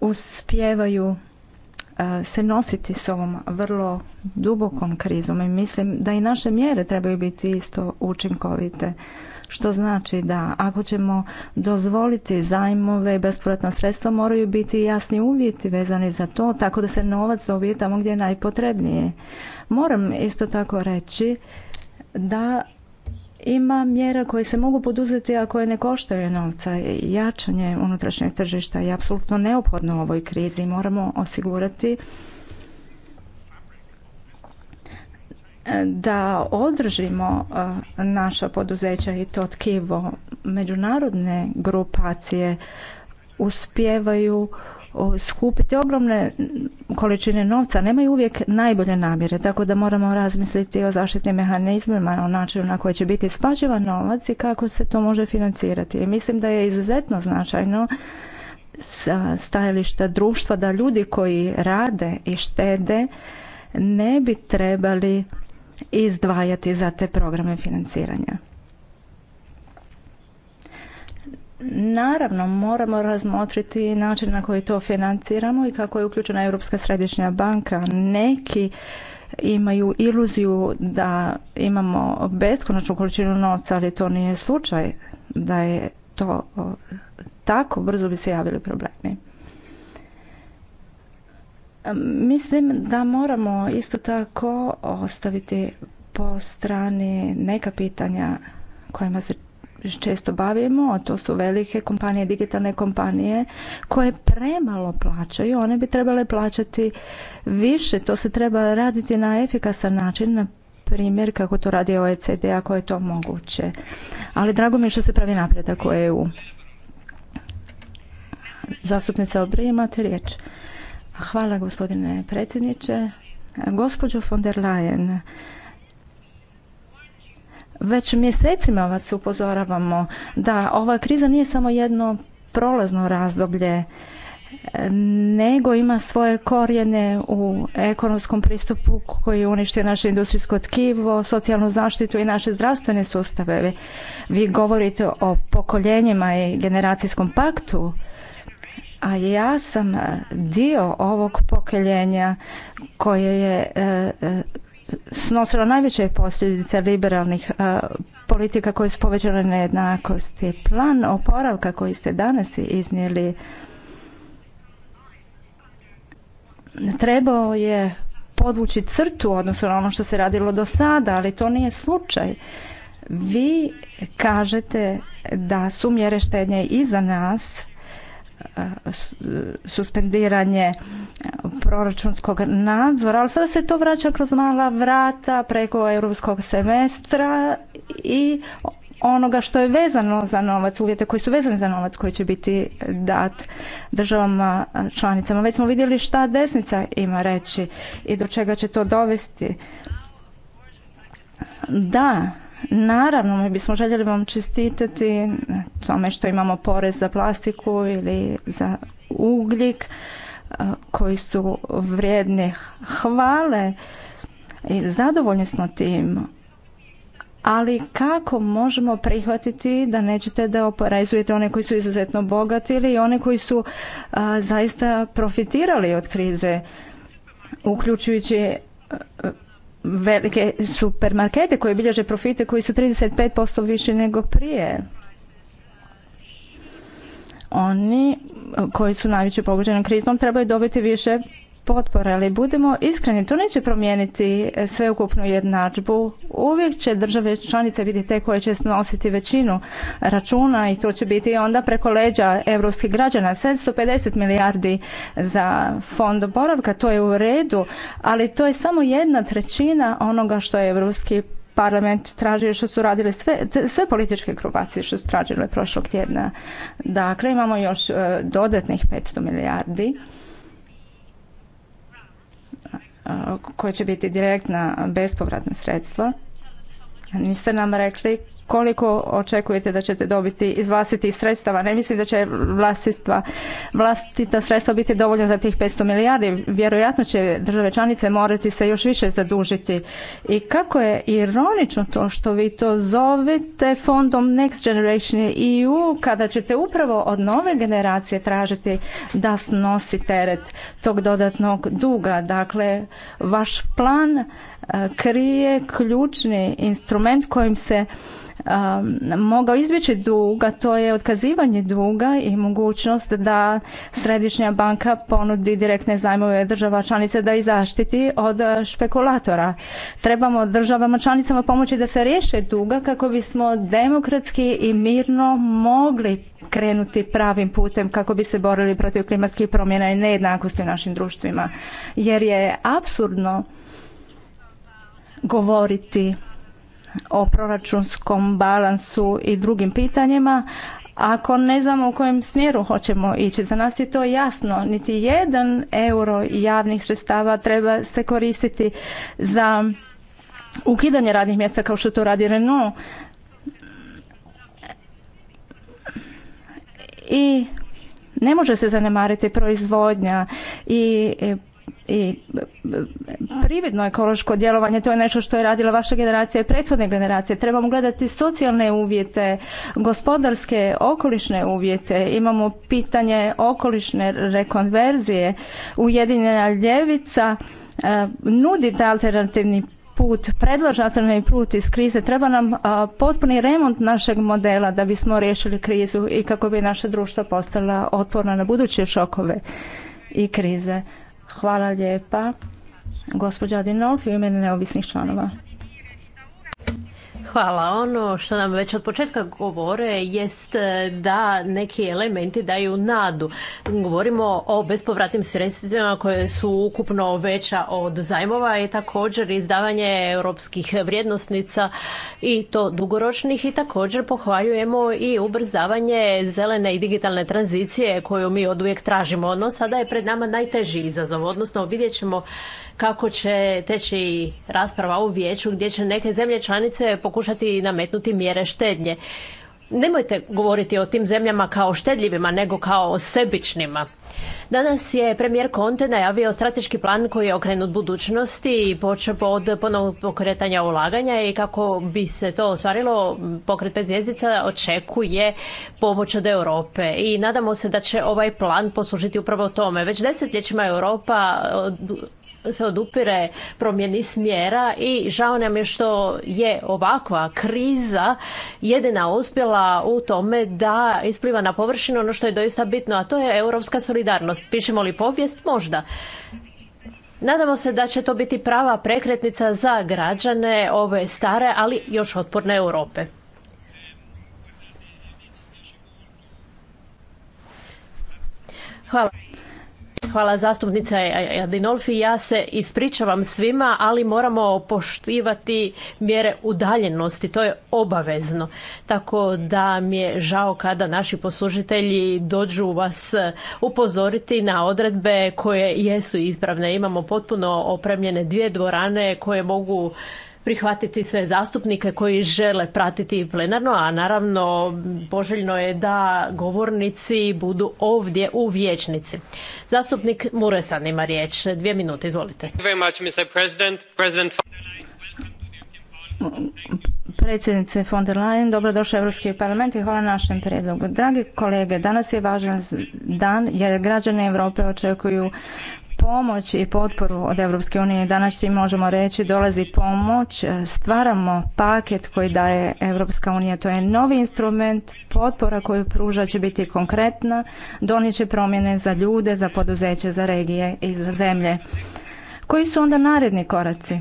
Speaker 3: uspijevaju e, se nositi s ovom vrlo dubokom krizom i mislim da i naše mjere trebaju biti isto učinkovite što znači da ako ćemo dozvoliti zajmove i bespovratna sredstva moraju biti jasni uvjeti vezani za to tako da se novac dobije tamo gdje je najpotrebnije. Moram isto tako reći da ima mjera koje se mogu poduzeti, a koje ne koštaju novca. Jačanje unutrašnjeg tržišta je apsolutno neophodno u ovoj krizi. Moramo osigurati da održimo e, naša poduzeća i to tkivo međunarodne grupacije uspijevaju skupiti ogromne količine novca, nemaju uvijek najbolje namjere, tako da moramo razmisliti o zaštitnim mehanizmima, o načinu na koji će biti spaživan novac i kako se to može financirati. I mislim da je izuzetno značajno sa stajališta društva da ljudi koji rade i štede ne bi trebali izdvajati za te programe financiranja. Naravno, moramo razmotriti način na koji to financiramo i kako je uključena Europska središnja banka. Neki imaju iluziju da imamo beskonačnu količinu novca, ali to nije slučaj da je to tako, brzo bi se javili problemi. Mislim da moramo isto tako ostaviti po strani neka pitanja kojima se često bavimo, a to su velike kompanije, digitalne kompanije koje premalo plaćaju, one bi trebale plaćati više, to se treba raditi na efikasan način, na primjer kako to radi OECD ako je to moguće. Ali drago mi je što se pravi napredak u EU. Zastupnica obrije imate riječ. Hvala gospodine predsjedniče. Gospođo von der Leyen, već mjesecima vas upozoravamo da ova kriza nije samo jedno prolazno razdoblje, nego ima svoje korijene u ekonomskom pristupu koji uništio naše industrijsko tkivo, socijalnu zaštitu i naše zdravstvene sustave. Vi govorite o pokoljenjima i generacijskom paktu, a ja sam e, dio ovog pokeljenja koje je e, e, snosilo najveće posljedice liberalnih politika koje su povećale nejednakosti. Plan oporavka koji ste danas iznijeli trebao je podvući crtu odnosno na ono što se radilo do sada, ali to nije slučaj. Vi kažete da su mjere štednje iza nas, suspendiranje proračunskog nadzora, ali sada se to vraća kroz mala vrata preko europskog semestra i onoga što je vezano za novac, uvjete koji su vezani za novac koji će biti dat državama članicama. Već smo vidjeli šta desnica ima reći i do čega će to dovesti. Da, Naravno, mi bismo željeli vam čestitati tome što imamo porez za plastiku ili za ugljik koji su vrijedni hvale i zadovoljni smo tim. Ali kako možemo prihvatiti da nećete da oporezujete one koji su izuzetno bogati ili one koji su zaista profitirali od krize, uključujući velike supermarkete koje bilježe profite koji su 35% više nego prije. Oni koji su najviše pogođeni krizom trebaju dobiti više potpore, ali budimo iskreni, to neće promijeniti e, sveukupnu jednadžbu. Uvijek će države članice biti te koje će snositi većinu računa i to će biti onda preko leđa evropskih građana. 750 milijardi za fond oporavka to je u redu, ali to je samo jedna trećina onoga što je europski parlament tražio što su radile sve, sve političke grupacije što su tražile prošlog tjedna. Dakle, imamo još e, dodatnih 500 milijardi koje će biti direktna bespovratna sredstva. Niste nam rekli koliko očekujete da ćete dobiti iz vlastitih sredstava. Ne mislim da će vlastita sredstva biti dovoljna za tih 500 milijardi. Vjerojatno će države članice morati se još više zadužiti. I kako je ironično to što vi to zovete fondom Next Generation EU kada ćete upravo od nove generacije tražiti da snosi teret tog dodatnog duga. Dakle, vaš plan krije ključni instrument kojim se um, mogao izbjeći duga, to je otkazivanje duga i mogućnost da središnja banka ponudi direktne zajmove država članice da ih zaštiti od špekulatora. Trebamo državama članicama pomoći da se riješe duga kako bismo demokratski i mirno mogli krenuti pravim putem kako bi se borili protiv klimatskih promjena i nejednakosti u našim društvima. Jer je apsurdno govoriti o proračunskom balansu i drugim pitanjima ako ne znamo u kojem smjeru hoćemo ići. Za nas je to jasno. Niti jedan euro javnih sredstava treba se koristiti za ukidanje radnih mjesta kao što to radi Renault. I ne može se zanemariti proizvodnja i i e, prividno ekološko djelovanje, to je nešto što je radila vaša generacija i prethodne generacije. Trebamo gledati socijalne uvjete, gospodarske, okolišne uvjete. Imamo pitanje okolišne rekonverzije. Ujedinjena ljevica nuditi e, nudi taj alternativni put, predlaže alternativni put iz krize. Treba nam e, potpuni remont našeg modela da bismo riješili krizu i kako bi naše društvo postala otporna na buduće šokove i krize. Hvala lijepa. Gospođa Adinolfi u ime neovisnih članova.
Speaker 2: Hvala. Ono što nam već od početka govore jest e, da neki elementi daju nadu. Govorimo o bespovratnim sredstvima koje su ukupno veća od zajmova i također izdavanje europskih vrijednosnica i to dugoročnih i također pohvaljujemo i ubrzavanje zelene i digitalne tranzicije koju mi oduvijek tražimo. No sada je pred nama najteži izazov, odnosno vidjet ćemo kako će teći rasprava u vijeću gdje će neke zemlje članice pokušati nametnuti mjere štednje. Nemojte govoriti o tim zemljama kao štedljivima, nego kao sebičnima. Danas je premijer Conte najavio strateški plan koji je okrenut budućnosti i počeo od ponovnog pokretanja ulaganja i kako bi se to ostvarilo pokret pet zvjezdica očekuje pomoć od Europe i nadamo se da će ovaj plan poslužiti upravo tome. Već desetljećima Europa se odupire promjeni smjera i žao nam je što je ovakva kriza jedina uspjela u tome da ispliva na površinu ono što je doista bitno, a to je europska solidarnost. Pišemo li povijest? Možda. Nadamo se da će to biti prava prekretnica za građane ove stare, ali još otporne Europe. Hvala. Hvala zastupnica Adinolfi. Ja se ispričavam svima, ali moramo poštivati mjere udaljenosti. To je obavezno. Tako da mi je žao kada naši poslužitelji dođu vas upozoriti na odredbe koje jesu ispravne. Imamo potpuno opremljene dvije dvorane koje mogu prihvatiti sve zastupnike koji žele pratiti plenarno, a naravno poželjno je da govornici budu ovdje u vječnici. Zastupnik Muresan ima riječ. Dvije minute, izvolite. Predsjednice von der Leyen,
Speaker 3: dobrodošli u Europski parlament i hvala našem prijedlogu. Dragi kolege, danas je važan dan jer građani Europe očekuju pomoć i potporu od Europske unije danas svi možemo reći dolazi pomoć, stvaramo paket koji daje Europska unija, to je novi instrument, potpora koju pruža će biti konkretna, će promjene za ljude, za poduzeće, za regije i za zemlje. Koji su onda naredni koraci?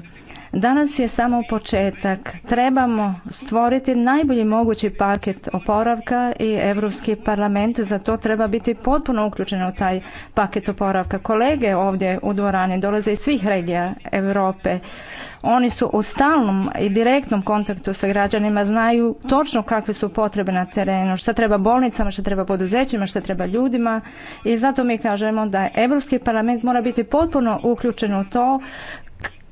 Speaker 3: Danas je samo početak. Trebamo stvoriti najbolji mogući paket oporavka i Europski parlament za to treba biti potpuno uključen u taj paket oporavka. Kolege ovdje u dvorani dolaze iz svih regija Europe. Oni su u stalnom i direktnom kontaktu sa građanima, znaju točno kakve su potrebe na terenu, šta treba bolnicama, šta treba poduzećima, šta treba ljudima i zato mi kažemo da Europski parlament mora biti potpuno uključen u to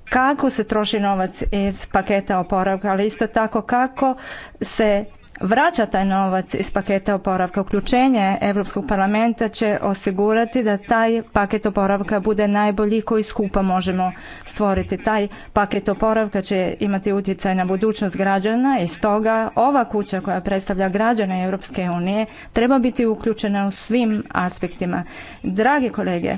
Speaker 3: kako se troši novac iz paketa oporavka, ali isto tako kako se vraća taj novac iz paketa oporavka. Uključenje Europskog parlamenta će osigurati da taj paket oporavka bude najbolji koji skupa možemo stvoriti. Taj paket oporavka će imati utjecaj na budućnost građana i stoga ova kuća koja predstavlja građane Europske unije treba biti uključena u svim aspektima. Dragi kolege,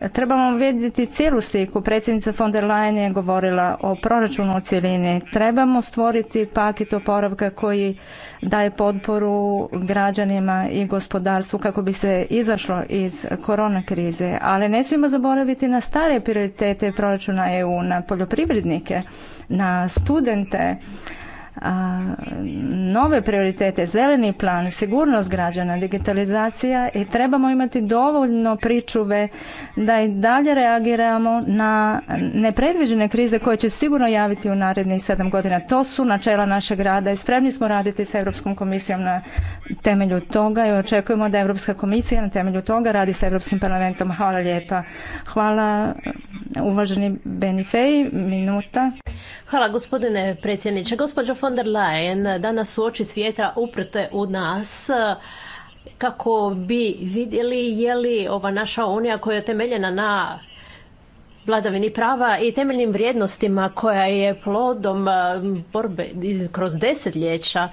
Speaker 3: E, trebamo vidjeti cijelu sliku. Predsjednica von der Leyen je govorila o proračunu u cjelini. Trebamo stvoriti paket oporavka koji daje potporu građanima i gospodarstvu kako bi se izašlo iz korona krize. Ali ne smijemo zaboraviti na stare prioritete proračuna EU, na poljoprivrednike, na studente, nove prioritete, zeleni plan, sigurnost građana, digitalizacija i trebamo imati dovoljno pričuve da i dalje reagiramo na nepredviđene krize koje će sigurno javiti u narednih sedam godina. To su načela našeg rada i spremni smo raditi sa Europskom komisijom na temelju toga i očekujemo da Europska komisija na temelju toga radi sa Europskim parlamentom. Hvala lijepa. Hvala uvaženi Benifej.
Speaker 2: Minuta. Hvala gospodine predsjedniče. Gospođo von der Leyen danas su oči svijeta uprte u nas kako bi vidjeli je li ova naša unija koja je temeljena na vladavini prava i temeljnim vrijednostima koja je plodom eh, borbe kroz desetljeća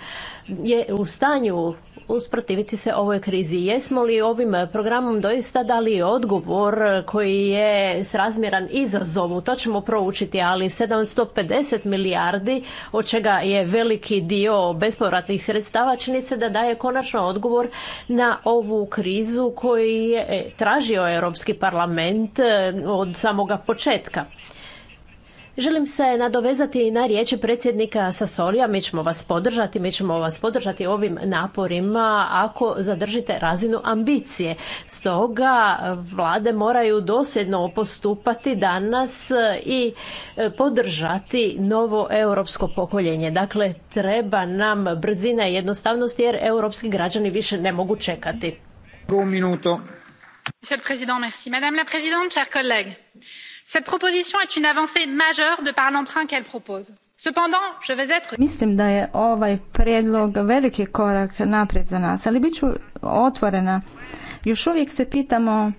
Speaker 2: je u stanju usprotiviti se ovoj krizi. Jesmo li ovim programom doista dali odgovor koji je srazmjeran izazovu? To ćemo proučiti, ali 750 milijardi, od čega je veliki dio bespovratnih sredstava, čini se da daje konačno odgovor na ovu krizu koji je e, tražio Europski parlament e, od samoga početka. Želim se nadovezati na riječi predsjednika Sasolija. Mi ćemo vas podržati, mi ćemo vas podržati ovim naporima ako zadržite razinu ambicije. Stoga vlade moraju dosjedno postupati danas i e, podržati novo europsko pokoljenje. Dakle, treba nam brzina i jednostavnost jer europski građani više ne mogu čekati. Monsieur le Madame cette proposition est une avancée majeure de par l'emprunt qu'elle propose. cependant je vais être.
Speaker 3: mislim da je ovaj prijedlog veliki korak naprijed za nas ali bit ću otvorena još uvijek se pitamo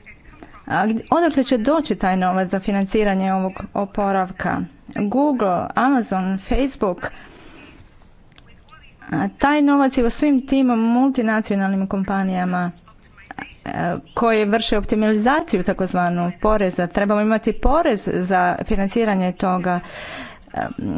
Speaker 3: odakle će doći taj novac za financiranje ovog oporavka. Google, Amazon, Facebook, taj novac je u svim tim multinacionalnim kompanijama koje vrše optimalizaciju takozvanu poreza. Trebamo imati porez za financiranje toga.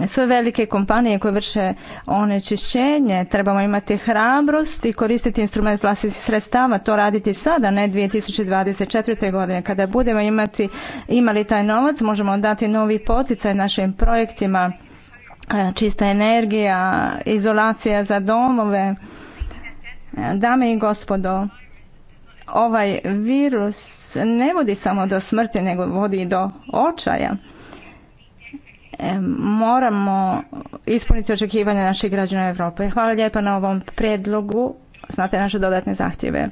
Speaker 3: Sve velike kompanije koje vrše onečišćenje, trebamo imati hrabrost i koristiti instrument vlastitih sredstava, to raditi sada, ne 2024. godine. Kada budemo imati, imali taj novac, možemo dati novi poticaj našim projektima, e, čista energija, izolacija za domove. E, dame i gospodo, ovaj virus ne vodi samo do smrti, nego vodi i do očaja. E, moramo ispuniti očekivanja naših građana Europe. Hvala lijepa na ovom predlogu. Znate naše dodatne zahtjeve.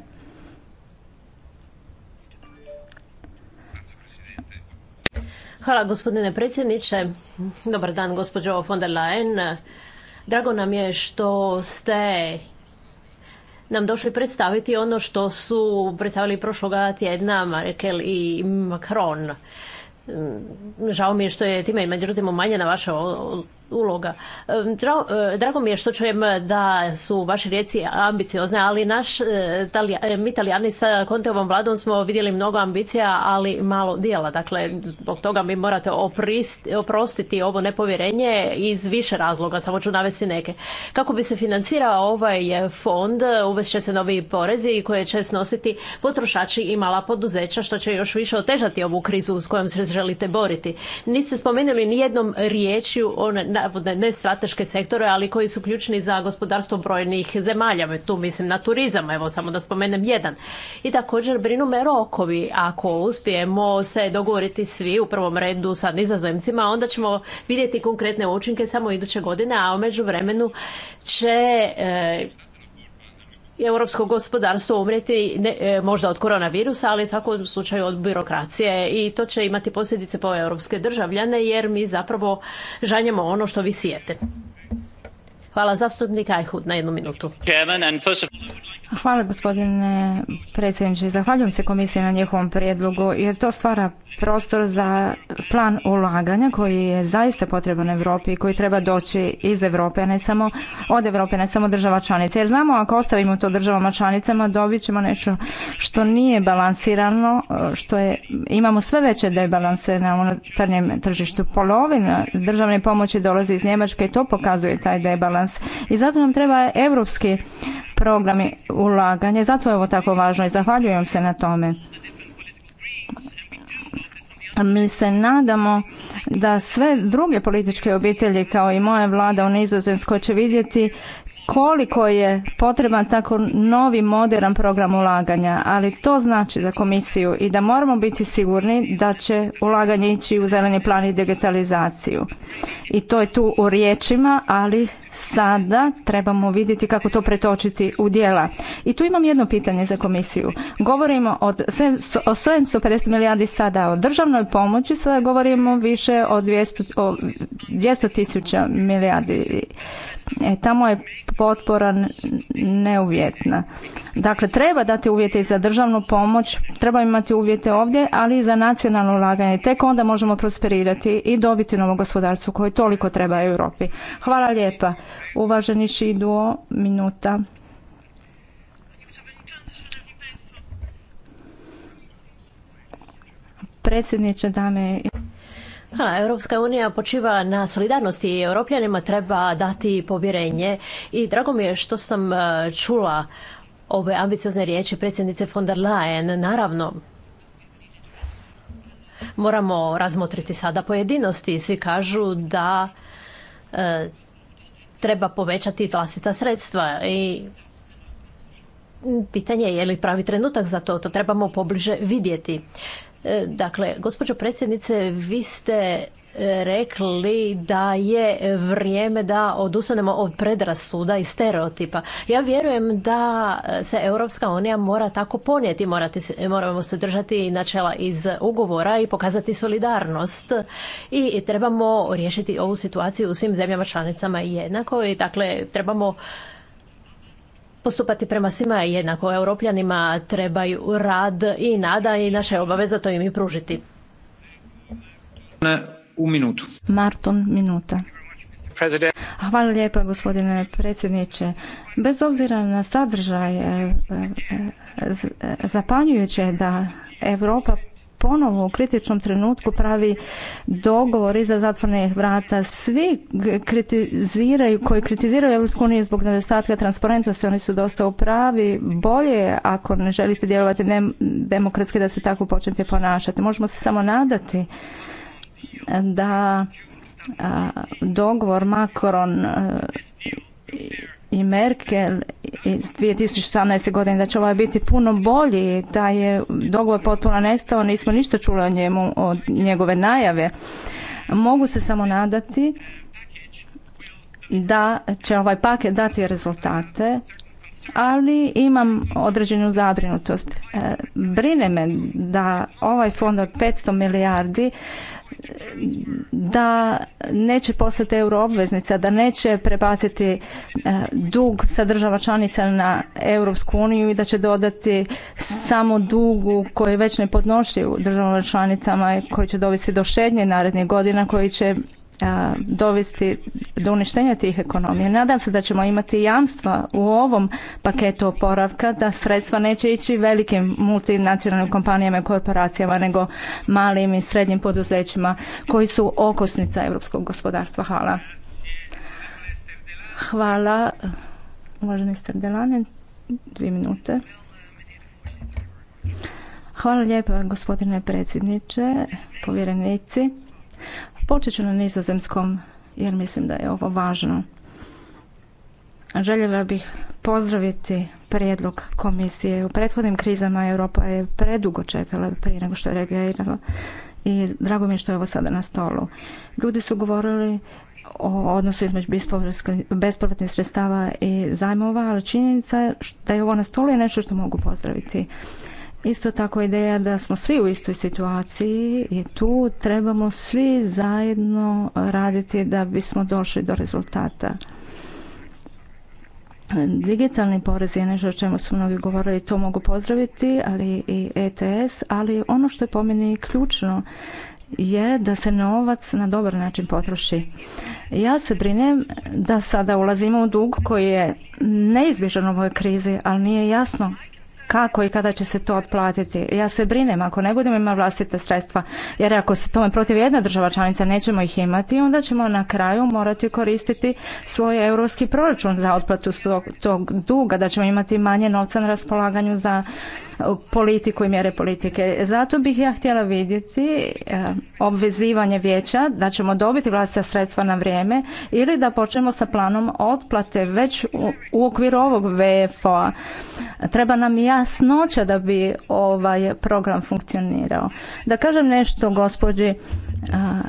Speaker 2: Hvala gospodine predsjedniče. Dobar dan gospođo von der Leyen. Drago nam je što ste nam došli predstaviti ono što su predstavili prošloga tjedna Merkel i Macron. Mm, žao mi je što je time međutim umanjena vaša uloga. E, drago mi je što čujem da su vaše rijeci ambiciozne, ali naš, e, e, mi Italijani sa Konteovom vladom smo vidjeli mnogo ambicija, ali malo dijela. Dakle, zbog toga mi morate oprostiti ovo nepovjerenje iz više razloga, samo ću navesti neke. Kako bi se financirao ovaj fond, uvešće se novi porezi koje će snositi potrošači i mala poduzeća, što će još više otežati ovu krizu s kojom se želite boriti. Niste spomenuli nijednom riječju o ne strateške sektore, ali koji su ključni za gospodarstvo brojnih zemalja. Tu mislim na turizam, evo samo da spomenem jedan. I također brinu me rokovi. Ako uspijemo se dogovoriti svi u prvom redu sa nizazemcima, onda ćemo vidjeti konkretne učinke samo iduće godine, a u međuvremenu će e, europsko gospodarstvo umrijeti ne, e, možda od koronavirusa, ali u svakom slučaju od birokracije i to će imati posljedice po europske državljane jer mi zapravo žanjemo ono što vi sijete. Hvala zastupnik Ajhud na jednu minutu. Hvala gospodine predsjedniče. Zahvaljujem se
Speaker 3: komisiji na njihovom prijedlogu jer to stvara prostor za plan ulaganja koji je zaista potreban Europi i koji treba doći iz Europe, a ne samo od Europe, ne samo država članica. Jer znamo ako ostavimo to državama članicama dobit ćemo nešto što nije balansirano, što je, imamo sve veće debalanse na unutarnjem tržištu. Polovina državne pomoći dolazi iz Njemačke i to pokazuje taj debalans. I zato nam treba europski programi ulaganja. Zato je ovo tako važno i zahvaljujem se na tome. Mi se nadamo da sve druge političke obitelji kao i moja vlada u Nizozemskoj će vidjeti koliko je potreban tako novi modern program ulaganja, ali to znači za komisiju i da moramo biti sigurni da će ulaganje ići u zeleni plan i digitalizaciju. I to je tu u riječima, ali sada trebamo vidjeti kako to pretočiti u djela. I tu imam jedno pitanje za komisiju. Govorimo od 700, o 750 milijardi sada o državnoj pomoći, sada govorimo više o 200, o 200 tisuća milijardi E, tamo je potpora neuvjetna. Dakle, treba dati uvjete i za državnu pomoć, treba imati uvjete ovdje, ali i za nacionalno ulaganje. Tek onda možemo prosperirati i dobiti novo gospodarstvo koje toliko treba Europi. Hvala lijepa. Uvaženi Šiduo, minuta. Predsjedniče, dame
Speaker 2: Europska unija počiva na solidarnosti i europljanima treba dati povjerenje i drago mi je što sam e, čula ove ambiciozne riječi predsjednice von der Leyen. Naravno, moramo razmotriti sada pojedinosti. Svi kažu da e, treba povećati vlastita sredstva i pitanje je li pravi trenutak za to. To trebamo pobliže vidjeti. E, dakle, gospođo predsjednice, vi ste e, rekli da je vrijeme da odustanemo od predrasuda i stereotipa. Ja vjerujem da se Europska unija mora tako ponijeti, moramo se držati načela iz ugovora i pokazati solidarnost i trebamo riješiti ovu situaciju u svim zemljama članicama jednako i dakle trebamo postupati prema svima jednako. Europljanima trebaju rad i nada i naše je obaveza to im i pružiti.
Speaker 1: U minutu.
Speaker 3: Marton, minuta. Hvala lijepa gospodine predsjedniče. Bez obzira na sadržaj, e, e, e, zapanjujuće je da Europa ponovo u kritičnom trenutku pravi dogovor iza zatvornih vrata. Svi kritiziraju, koji kritiziraju EU zbog nedostatka transparentnosti, oni su dosta upravi pravi. Bolje ako ne želite djelovati demokratski da se tako počnete ponašati. Možemo se samo nadati da dogovor Macron i Merkel iz 2018. godine da će ovaj biti puno bolji, da je dogovor potpuno nestao, nismo ništa čuli o njemu, od njegove najave. Mogu se samo nadati da će ovaj paket dati rezultate, ali imam određenu zabrinutost. E, brine me da ovaj fond od 500 milijardi da neće postati euroobveznica, da neće prebaciti e, dug sa država članica na Europsku uniju i da će dodati samo dugu koji ne podnoši u državama članicama i koji će dovesti do šednje narednih godina koji će dovesti do uništenja tih ekonomija. Nadam se da ćemo imati jamstva u ovom paketu oporavka da sredstva neće ići velikim multinacionalnim kompanijama i korporacijama nego malim i srednjim poduzećima koji su okosnica europskog gospodarstva. Hvala. Hvala. Uvaženi Delane, dvije minute. Hvala lijepa gospodine predsjedniče, povjerenici. Počet ću na nizozemskom jer mislim da je ovo važno. Željela bih pozdraviti prijedlog komisije. U prethodnim krizama Europa je predugo čekala prije nego što je reagirala i drago mi je što je ovo sada na stolu. Ljudi su govorili o odnosu između bespovratnih sredstava i zajmova, ali činjenica je da je ovo na stolu je nešto što mogu pozdraviti. Isto tako ideja da smo svi u istoj situaciji i tu trebamo svi zajedno raditi da bismo došli do rezultata. Digitalni porez je nešto o čemu su mnogi govorili, to mogu pozdraviti, ali i ETS, ali ono što je po meni ključno je da se novac na dobar način potroši. Ja se brinem da sada ulazimo u dug koji je neizbježan u ovoj krizi, ali nije jasno kako i kada će se to otplatiti. Ja se brinem ako ne budemo imali vlastite sredstva, jer ako se tome protiv jedna država članica nećemo ih imati, onda ćemo na kraju morati koristiti svoj europski proračun za otplatu tog duga, da ćemo imati manje novca na raspolaganju za uh, politiku i mjere politike. Zato bih ja htjela vidjeti uh, obvezivanje vijeća da ćemo dobiti vlastita sredstva na vrijeme ili da počnemo sa planom otplate već u, okviru ovog VFO-a. Treba nam ja nejasnoća da bi ovaj program funkcionirao. Da kažem nešto gospođi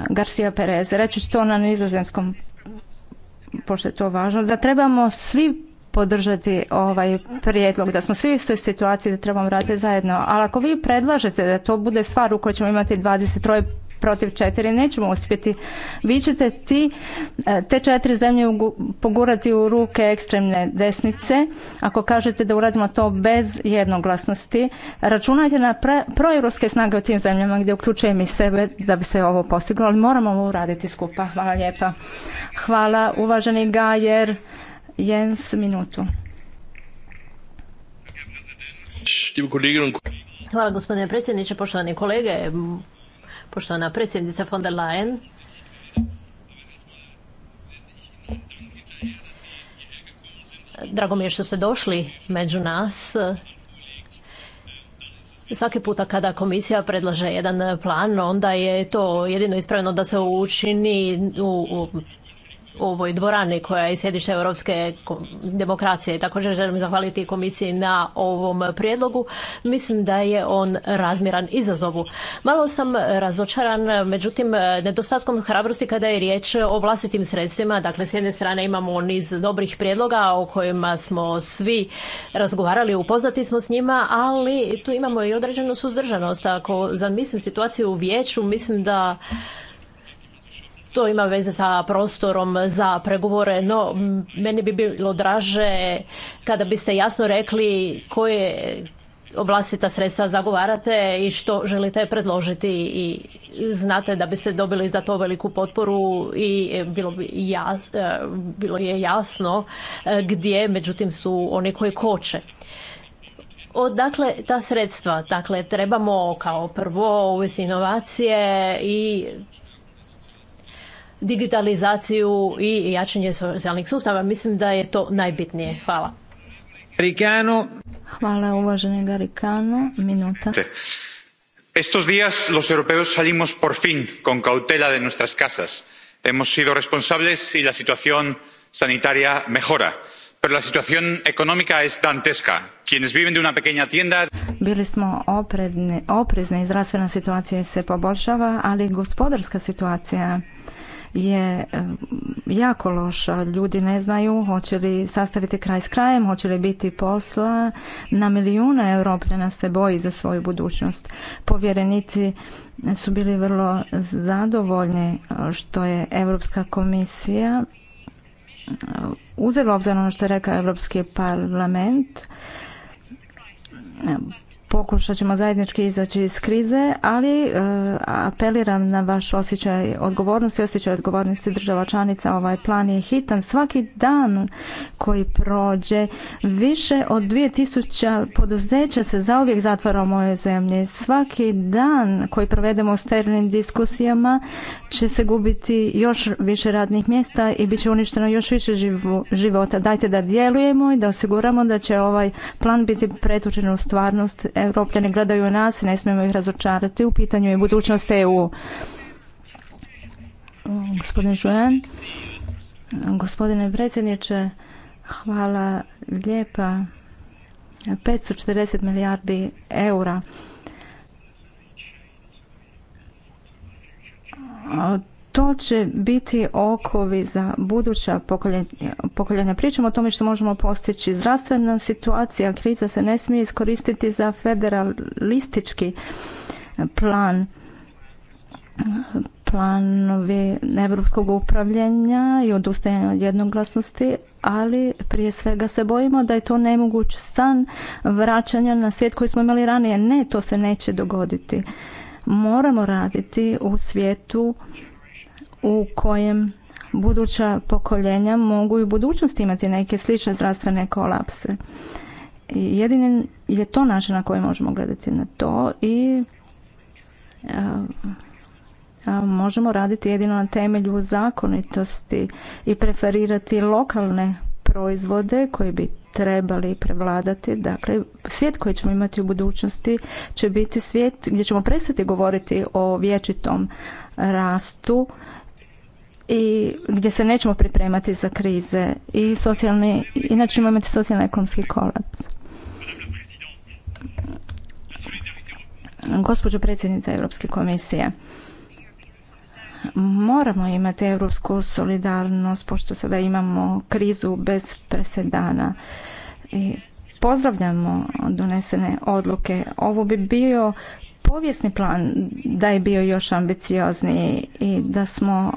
Speaker 3: Garcia Perez, reći ću to na nizozemskom, pošto je to važno, da trebamo svi podržati ovaj prijedlog, da smo svi u istoj situaciji da trebamo raditi zajedno. Ali ako vi predlažete da to bude stvar u kojoj ćemo imati 23 protiv četiri nećemo uspjeti. Vi ćete ti, e, te četiri zemlje pogurati u ruke ekstremne desnice. Ako kažete da uradimo to bez jednoglasnosti, računajte na proeuropske snage u tim zemljama gdje uključujem i sebe da bi se ovo postiglo, ali moramo ovo uraditi skupa. Hvala lijepa. Hvala uvaženi Gajer. Jens, minutu.
Speaker 2: Hvala gospodine predsjedniče, poštovani kolege poštovana predsjednica von der Leyen. Drago mi je što ste došli među nas. Svaki puta kada komisija predlaže jedan plan, onda je to jedino ispravno da se učini u, u ovoj dvorani koja je sjedište europske demokracije. Također želim zahvaliti komisiji na ovom prijedlogu. Mislim da je on razmjeran izazovu. Malo sam razočaran, međutim, nedostatkom hrabrosti kada je riječ o vlastitim sredstvima. Dakle, s jedne strane imamo niz dobrih prijedloga o kojima smo svi razgovarali, upoznati smo s njima, ali tu imamo i određenu suzdržanost. Ako zamislim situaciju u vijeću, mislim da to ima veze sa prostorom za pregovore, no meni bi bilo draže kada biste jasno rekli koje ta sredstva zagovarate i što želite predložiti i znate da biste dobili za to veliku potporu i bilo, bi e, bilo je jasno e, gdje međutim su oni koji koče. Dakle, ta sredstva? Dakle, trebamo kao prvo uvesti inovacije i digitalizaciju i jačanje socijalnih sustava. Mislim da je to najbitnije. Hvala.
Speaker 1: Garicano.
Speaker 3: Hvala uvaženi Garicano. Minuta.
Speaker 1: Estos días los europeos salimos por fin con cautela de nuestras casas. Hemos sido responsables y la situación sanitaria mejora. Pero la situación económica es dantesca. Quienes viven de una pequeña tienda...
Speaker 3: Bili smo opredni, oprezni, zdravstvena situacija se poboljšava, ali gospodarska situacija je jako loša. Ljudi ne znaju hoće li sastaviti kraj s krajem, hoće li biti posla. Na milijuna europljana se boji za svoju budućnost. Povjerenici su bili vrlo zadovoljni što je Europska komisija uzela obzir ono što je rekao Europski parlament pokušat ćemo zajednički izaći iz krize, ali e, apeliram na vaš osjećaj odgovornosti, osjećaj odgovornosti država članica. Ovaj plan je hitan. Svaki dan koji prođe više od 2000 poduzeća se zauvijek zatvara u mojoj zemlji. Svaki dan koji provedemo u sterilnim diskusijama će se gubiti još više radnih mjesta i bit će uništeno još više života. Dajte da djelujemo i da osiguramo da će ovaj plan biti pretučen u stvarnost Evropljani gledaju nas i ne smijemo ih razočarati. U pitanju je budućnost EU. Gospodin Žujan, gospodine predsjedniče, hvala lijepa. 540 milijardi eura od to će biti okovi za buduća pokoljenja. Pričamo o tome što možemo postići. Zdravstvena situacija, kriza se ne smije iskoristiti za federalistički plan planovi europskog upravljanja i odustajanja od jednoglasnosti, ali prije svega se bojimo da je to nemoguć san vraćanja na svijet koji smo imali ranije. Ne, to se neće dogoditi. Moramo raditi u svijetu u kojem buduća pokoljenja mogu i u budućnosti imati neke slične zdravstvene kolapse. Jedini je to način na koji možemo gledati na to i možemo raditi jedino na temelju zakonitosti i preferirati lokalne proizvode koji bi trebali prevladati. Dakle, svijet koji ćemo imati u budućnosti će biti svijet gdje ćemo prestati govoriti o vječitom rastu i gdje se nećemo pripremati za krize i socijalni, inače ćemo imati socijalno ekonomski kolaps. Gospođo predsjednica Europske komisije, moramo imati europsku solidarnost pošto sada imamo krizu bez presedana. I pozdravljamo donesene odluke. Ovo bi bio povijesni plan da je bio još ambiciozniji i da smo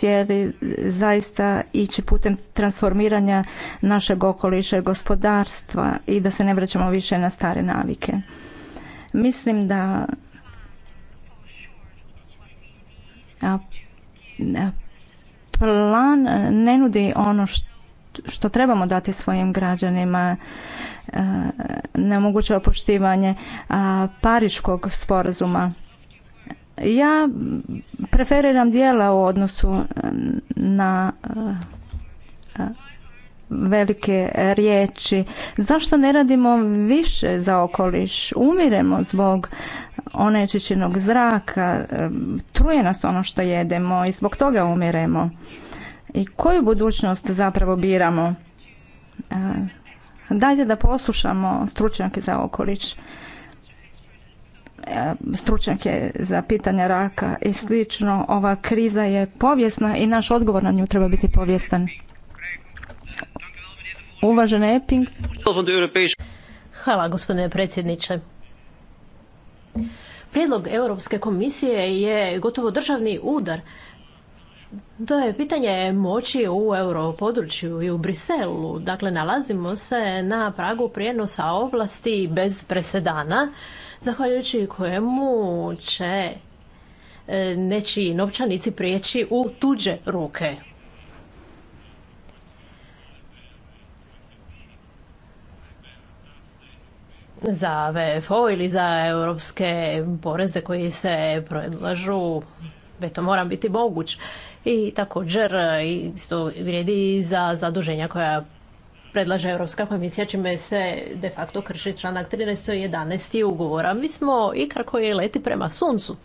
Speaker 3: htjeli zaista ići putem transformiranja našeg okoliša i gospodarstva i da se ne vraćamo više na stare navike. Mislim da plan ne nudi ono što što trebamo dati svojim građanima ne omogućava poštivanje pariškog sporazuma ja preferiram dijela u odnosu e, na e, velike riječi. Zašto ne radimo više za okoliš? Umiremo zbog onečišćenog zraka, e, truje nas ono što jedemo i zbog toga umiremo. I koju budućnost zapravo biramo? Dajte da poslušamo stručnjake za okoliš. E, stručnjake za pitanja raka i slično. Ova kriza je povijesna i naš odgovor na nju treba biti povijestan. Uvažen Eping.
Speaker 2: Hvala gospodine predsjedniče. Prijedlog Europske komisije je gotovo državni udar. To je pitanje moći u europodručju i u Briselu. Dakle, nalazimo se na pragu prijenosa ovlasti bez presedana zahvaljujući kojemu će e, nečiji novčanici prijeći u tuđe ruke. za VFO ili za europske poreze koji se predlažu, e, to mora biti moguć. I također e, isto vrijedi i za zaduženja koja predlaže Europska komisija čime se de facto krši članak 13. i 11. ugovora. Mi smo ikra koji leti prema suncu.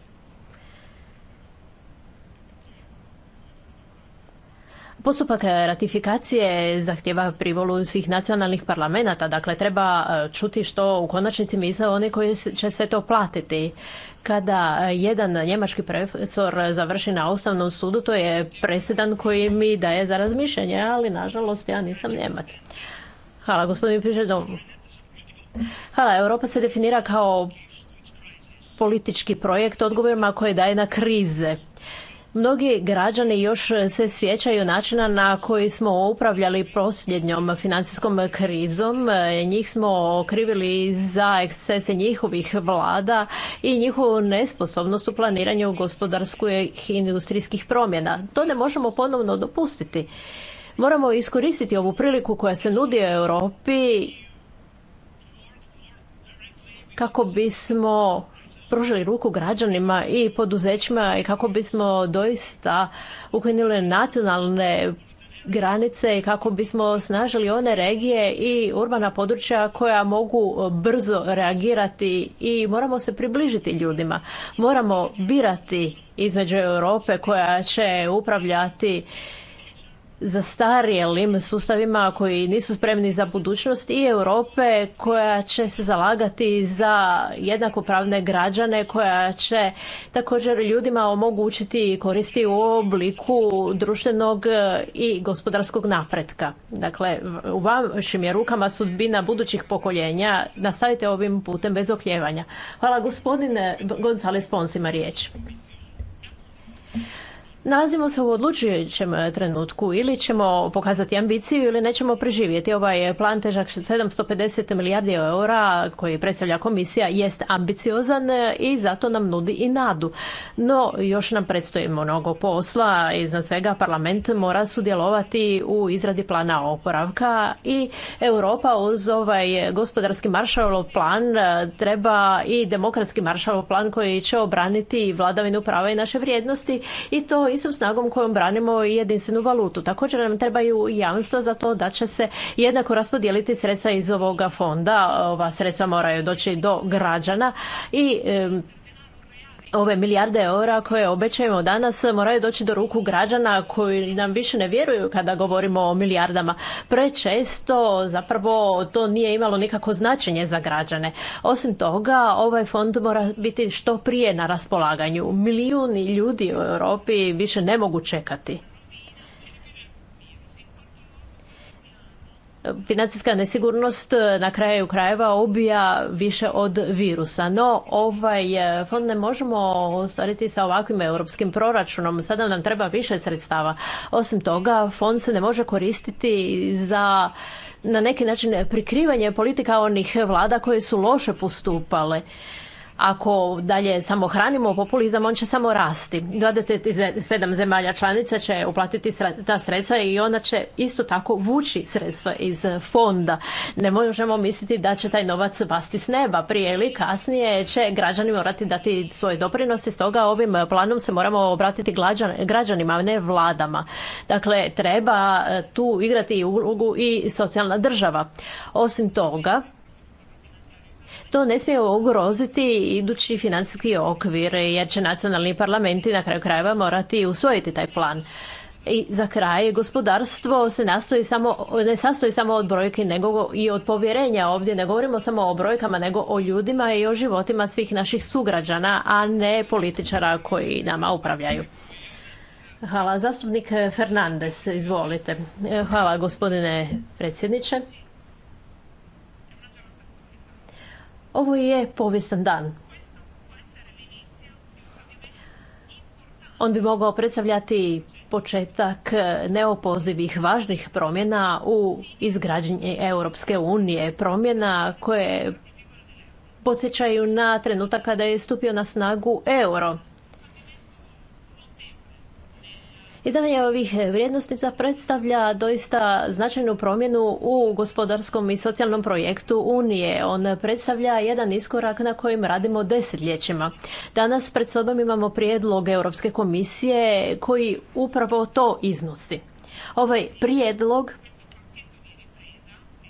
Speaker 2: Postupak ratifikacije zahtjeva privolu svih nacionalnih parlamenta, dakle treba e, čuti što u konačnici misle oni koji će sve to platiti. Kada jedan njemački profesor završi na Ustavnom sudu, to je presedan koji mi daje za razmišljanje, ali nažalost ja nisam Njemac. Hvala gospodin domu. Hvala, Europa se definira kao politički projekt odgovorima koje daje na krize. Mnogi građani još se sjećaju načina na koji smo upravljali posljednjom financijskom krizom. Njih smo okrivili za ekscese njihovih vlada i njihovu nesposobnost u planiranju gospodarskih i industrijskih promjena. To ne možemo ponovno dopustiti. Moramo iskoristiti ovu priliku koja se nudi Europi kako bismo pružili ruku građanima i poduzećima i kako bismo doista ukinuli nacionalne granice i kako bismo snažili one regije i urbana područja koja mogu brzo reagirati i moramo se približiti ljudima. Moramo birati između Europe koja će upravljati zastarjelim sustavima koji nisu spremni za budućnost i Europe koja će se zalagati za jednakopravne građane koja će također ljudima omogućiti koristi u obliku društvenog e, i gospodarskog napretka. Dakle, u vašim je rukama sudbina budućih pokoljenja. Nastavite ovim putem bez okljevanja. Hvala gospodine Gonzales Ponsima riječ. Nalazimo se u odlučujućem e, trenutku ili ćemo pokazati ambiciju ili nećemo preživjeti. Ovaj plan težak 750 milijardi eura koji predstavlja komisija jest ambiciozan e, i zato nam nudi i nadu. No, još nam predstoji mnogo posla. Iznad svega parlament mora sudjelovati u izradi plana oporavka i Europa uz ovaj gospodarski maršalov plan e, treba i demokratski maršalov plan koji će obraniti vladavinu prava i naše vrijednosti i to istom snagom kojom branimo jedinstvenu valutu. Također nam trebaju jamstva za to da će se jednako raspodijeliti sredstva iz ovoga fonda. Ova sredstva moraju doći do građana i ove milijarde eura koje obećajemo danas moraju doći do ruku građana koji nam više ne vjeruju kada govorimo o milijardama. Prečesto zapravo to nije imalo nikako značenje za građane. Osim toga, ovaj fond mora biti što prije na raspolaganju. Milijuni ljudi u Europi više ne mogu čekati. financijska nesigurnost e, na kraju krajeva ubija više od virusa. No, ovaj e, fond ne možemo ostvariti sa ovakvim europskim proračunom. Sada nam treba više sredstava. Osim toga, fond se ne može koristiti za na neki način prikrivanje politika onih vlada koje su loše postupale. Ako dalje samo hranimo populizam, on će samo rasti. 27 zemalja članica će uplatiti ta sredstva i ona će isto tako vući sredstva iz fonda. Ne možemo misliti da će taj novac pasti s neba. Prije ili kasnije će građani morati dati svoje doprinose, stoga ovim planom se moramo obratiti građanima, a ne vladama. Dakle, treba tu igrati ulogu i socijalna država. Osim toga, to ne smije ugroziti idući financijski okvir jer će nacionalni parlamenti na kraju krajeva morati usvojiti taj plan. I za kraj, gospodarstvo se nastoji samo, ne sastoji samo od brojki nego i od povjerenja ovdje. Ne govorimo samo o brojkama nego o ljudima i o životima svih naših sugrađana, a ne političara koji nama upravljaju. Hvala. Zastupnik Fernandez, izvolite. Hvala gospodine predsjedniče. Ovo je povijesan dan. On bi mogao predstavljati početak neopozivih važnih promjena u izgrađenje Europske unije, promjena koje posjećaju na trenutak kada je stupio na snagu euro. Izdavanje ovih vrijednostica predstavlja doista značajnu promjenu u gospodarskom i socijalnom projektu Unije. On predstavlja jedan iskorak na kojem radimo desetljećima. Danas pred sobom imamo prijedlog Europske komisije koji upravo to iznosi. Ovaj prijedlog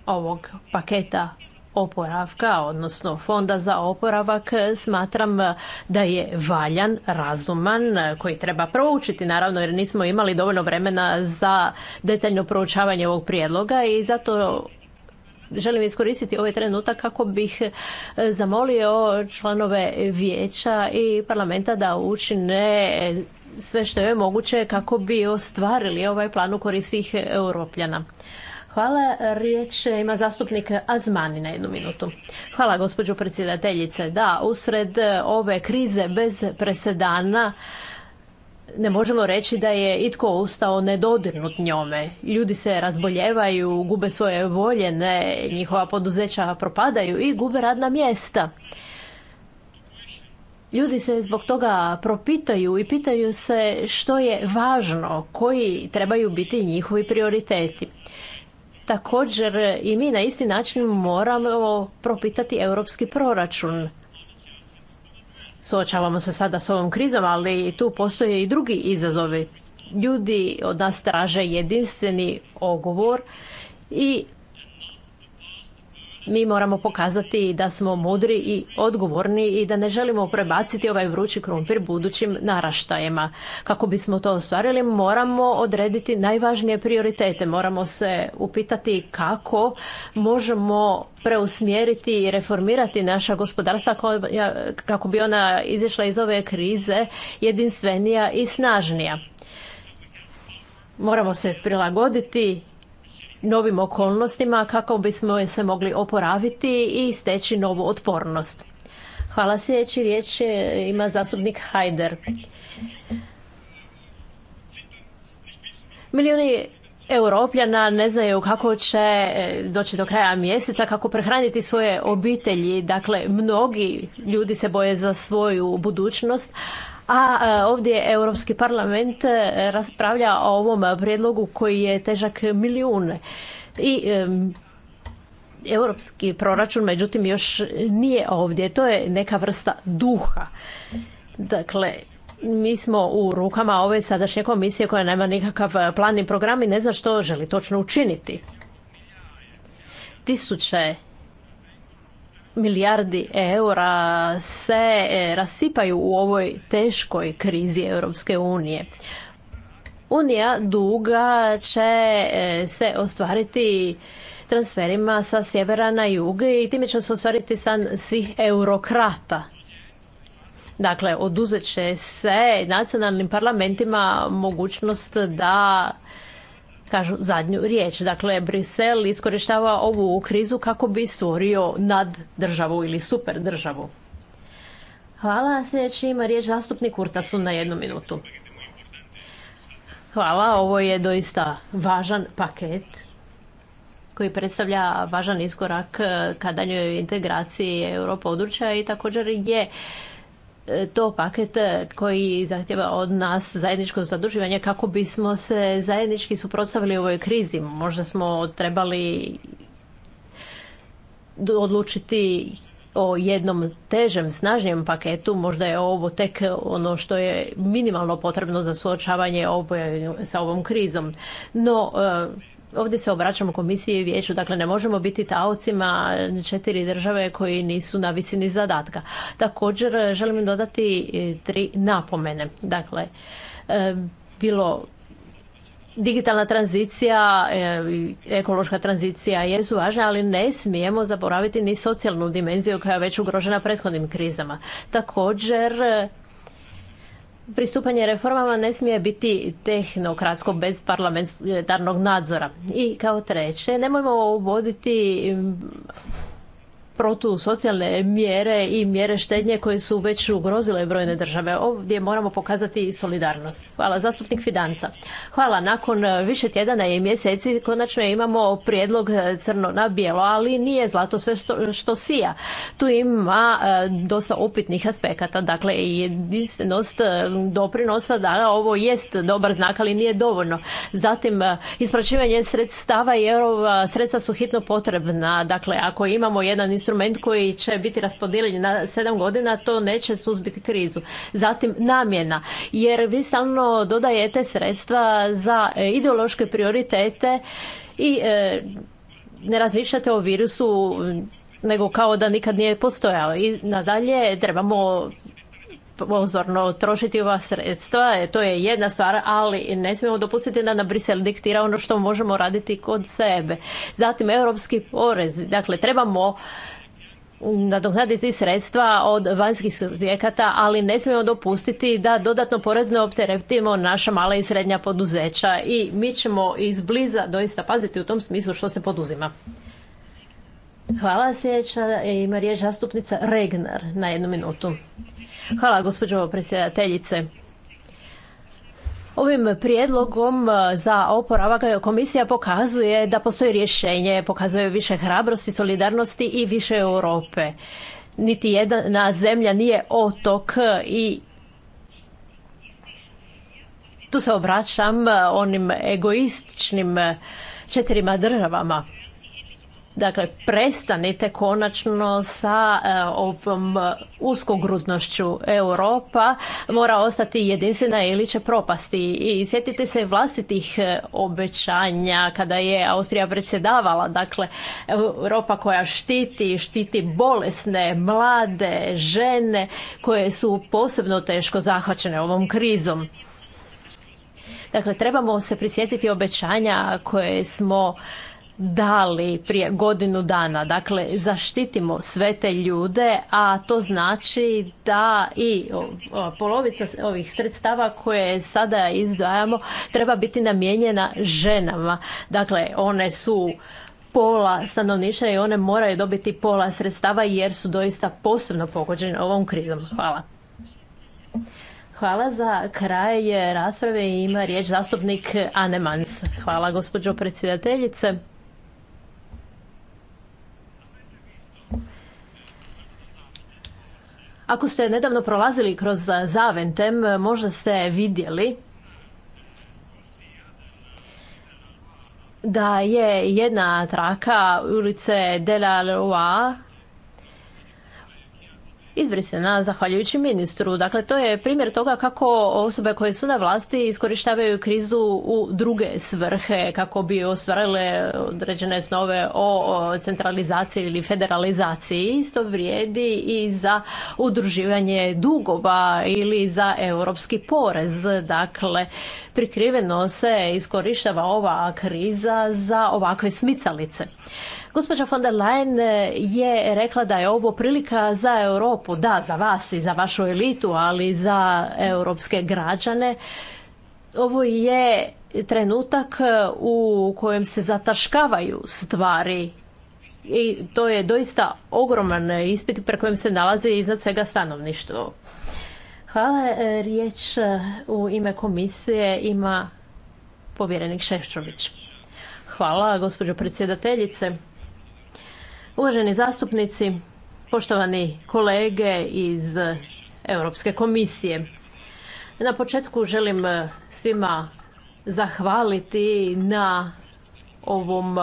Speaker 2: ovog paketa oporavka, odnosno fonda za oporavak, smatram da je valjan, razuman, koji treba proučiti, naravno, jer nismo imali dovoljno vremena za detaljno proučavanje ovog prijedloga i zato želim iskoristiti ovaj trenutak kako bih zamolio članove vijeća i parlamenta da učine sve što je moguće kako bi ostvarili ovaj plan u korist svih europljana. Hvala. Riječ ima zastupnik Azmani na jednu minutu. Hvala gospođo predsjedateljice. Da, usred e, ove krize bez presedana ne možemo reći da je itko ustao nedodirnut njome. Ljudi se razboljevaju, gube svoje voljene, njihova poduzeća propadaju i gube radna mjesta. Ljudi se zbog toga propitaju i pitaju se što je važno, koji trebaju biti njihovi prioriteti. Također i mi na isti način moramo propitati europski proračun. Suočavamo se sada s ovom krizom, ali tu postoje i drugi izazovi. Ljudi od nas traže jedinstveni ogovor i mi moramo pokazati da smo mudri i odgovorni i da ne želimo prebaciti ovaj vrući krumpir budućim naraštajima. Kako bismo to ostvarili moramo odrediti najvažnije prioritete. Moramo se upitati kako možemo preusmjeriti i reformirati naša gospodarstva kako bi ona izišla iz ove krize jedinstvenija i snažnija. Moramo se prilagoditi novim okolnostima kako bismo se mogli oporaviti i steći novu otpornost. Hvala sljedeći riječ e, ima zastupnik Hajder. Milijuni Europljana ne znaju kako će e, doći do kraja mjeseca, kako prehraniti svoje obitelji. Dakle, mnogi ljudi se boje za svoju budućnost, a e, ovdje Europski parlament e, raspravlja o ovom prijedlogu koji je težak milijune. I e, europski proračun, međutim, još nije ovdje. To je neka vrsta duha. Dakle, mi smo u rukama ove sadašnje komisije koja nema nikakav plan i program i ne zna što želi točno učiniti. Tisuće milijardi eura se e, rasipaju u ovoj teškoj krizi Europske unije. Unija duga će e, se ostvariti transferima sa sjevera na jug i time će se ostvariti san svih eurokrata. Dakle, oduzet će se nacionalnim parlamentima mogućnost da kažu zadnju riječ. Dakle, Brisel iskorištava ovu krizu kako bi stvorio nad državu ili super državu. Hvala. Sljedeći ima riječ zastupnik Urtasun na jednu minutu. Hvala. Ovo je doista važan paket koji predstavlja važan iskorak eh, ka daljoj integraciji europodručja i također je E, to paket e, koji zahtjeva od nas zajedničko zaduživanje kako bismo se zajednički suprotstavili ovoj krizi. Možda smo trebali odlučiti o jednom težem, snažnijem paketu, možda je ovo tek ono što je minimalno potrebno za suočavanje oboje sa ovom krizom. No, e, ovdje se obraćamo komisiji i vijeću, dakle ne možemo biti taocima četiri države koji nisu na visini zadatka. Također želim dodati tri napomene. Dakle, e, bilo digitalna tranzicija, e, ekološka tranzicija jesu važne, ali ne smijemo zaboraviti ni socijalnu dimenziju koja je već ugrožena prethodnim krizama. Također, Pristupanje reformama ne smije biti tehnokratsko bez parlamentarnog nadzora. I kao treće, nemojmo uvoditi protusocijalne mjere i mjere štednje koje su već ugrozile brojne države. Ovdje moramo pokazati solidarnost. Hvala. Zastupnik Fidanca. Hvala. Nakon više tjedana i mjeseci konačno imamo prijedlog crno na bijelo, ali nije zlato sve što, sija. Tu ima e, dosta upitnih aspekata, dakle i jedinstvenost e, doprinosa da ovo jest dobar znak, ali nije dovoljno. Zatim, e, ispraćivanje sredstava jer sredstva su hitno potrebna. Dakle, ako imamo jedan instrument koji će biti raspodijeljen na sedam godina, to neće suzbiti krizu. Zatim namjena, jer vi stalno dodajete sredstva za e, ideološke prioritete i e, ne razmišljate o virusu nego kao da nikad nije postojao. I nadalje trebamo pozorno trošiti ova sredstva, e, to je jedna stvar, ali ne smijemo dopustiti da na Brisel diktira ono što možemo raditi kod sebe. Zatim, europski porez, dakle, trebamo nadoknaditi sredstva od vanjskih subjekata, ali ne smijemo dopustiti da dodatno porezno opteretimo naša mala i srednja poduzeća i mi ćemo izbliza doista paziti u tom smislu što se poduzima. Hvala sljedeća ima riječ zastupnica Regner na jednu minutu. Hvala gospođo predsjedateljice. Ovim prijedlogom e, za oporavak komisija pokazuje da postoji rješenje, pokazuje više hrabrosti, solidarnosti i više Europe. Niti jedna zemlja nije otok i tu se obraćam e, onim egoističnim e, četirima državama. Dakle, prestanite konačno sa e, ovom uskogrudnošću Europa mora ostati jedinstvena ili će propasti. I sjetite se vlastitih e, obećanja kada je Austrija predsjedavala. Dakle, Europa koja štiti, štiti bolesne, mlade, žene koje su posebno teško zahvaćene ovom krizom. Dakle, trebamo se prisjetiti obećanja koje smo dali prije godinu dana. Dakle, zaštitimo sve te ljude, a to znači da i polovica ovih sredstava koje sada izdvajamo treba biti namijenjena ženama. Dakle, one su pola stanovništva i one moraju dobiti pola sredstava jer su doista posebno pogođene ovom krizom. Hvala. Hvala za kraj rasprave. Ima riječ zastupnik Anemans. Hvala gospođo predsjedateljice. Ako ste nedavno prolazili kroz Zaventem, možda ste vidjeli da je jedna traka ulice de izbrisana zahvaljujući ministru. Dakle, to je primjer toga kako osobe koje su na vlasti iskorištavaju krizu u druge svrhe kako bi ostvarile određene snove o centralizaciji ili federalizaciji. Isto vrijedi i za udruživanje dugova ili za europski porez. Dakle, prikriveno se iskorištava ova kriza za ovakve smicalice. Gospođa von der Leyen e, je rekla da je ovo prilika za Europu, da, za vas i za vašu elitu, ali za europske građane. Ovo je trenutak e, u kojem se zataškavaju stvari i to je doista ogroman ispit pre kojem se nalazi iznad svega stanovništvo. Hvala. E, riječ u ime komisije ima povjerenik Šeščović. Hvala, gospođo predsjedateljice. Uvaženi zastupnici, poštovani kolege iz Europske komisije. Na početku želim svima zahvaliti na ovom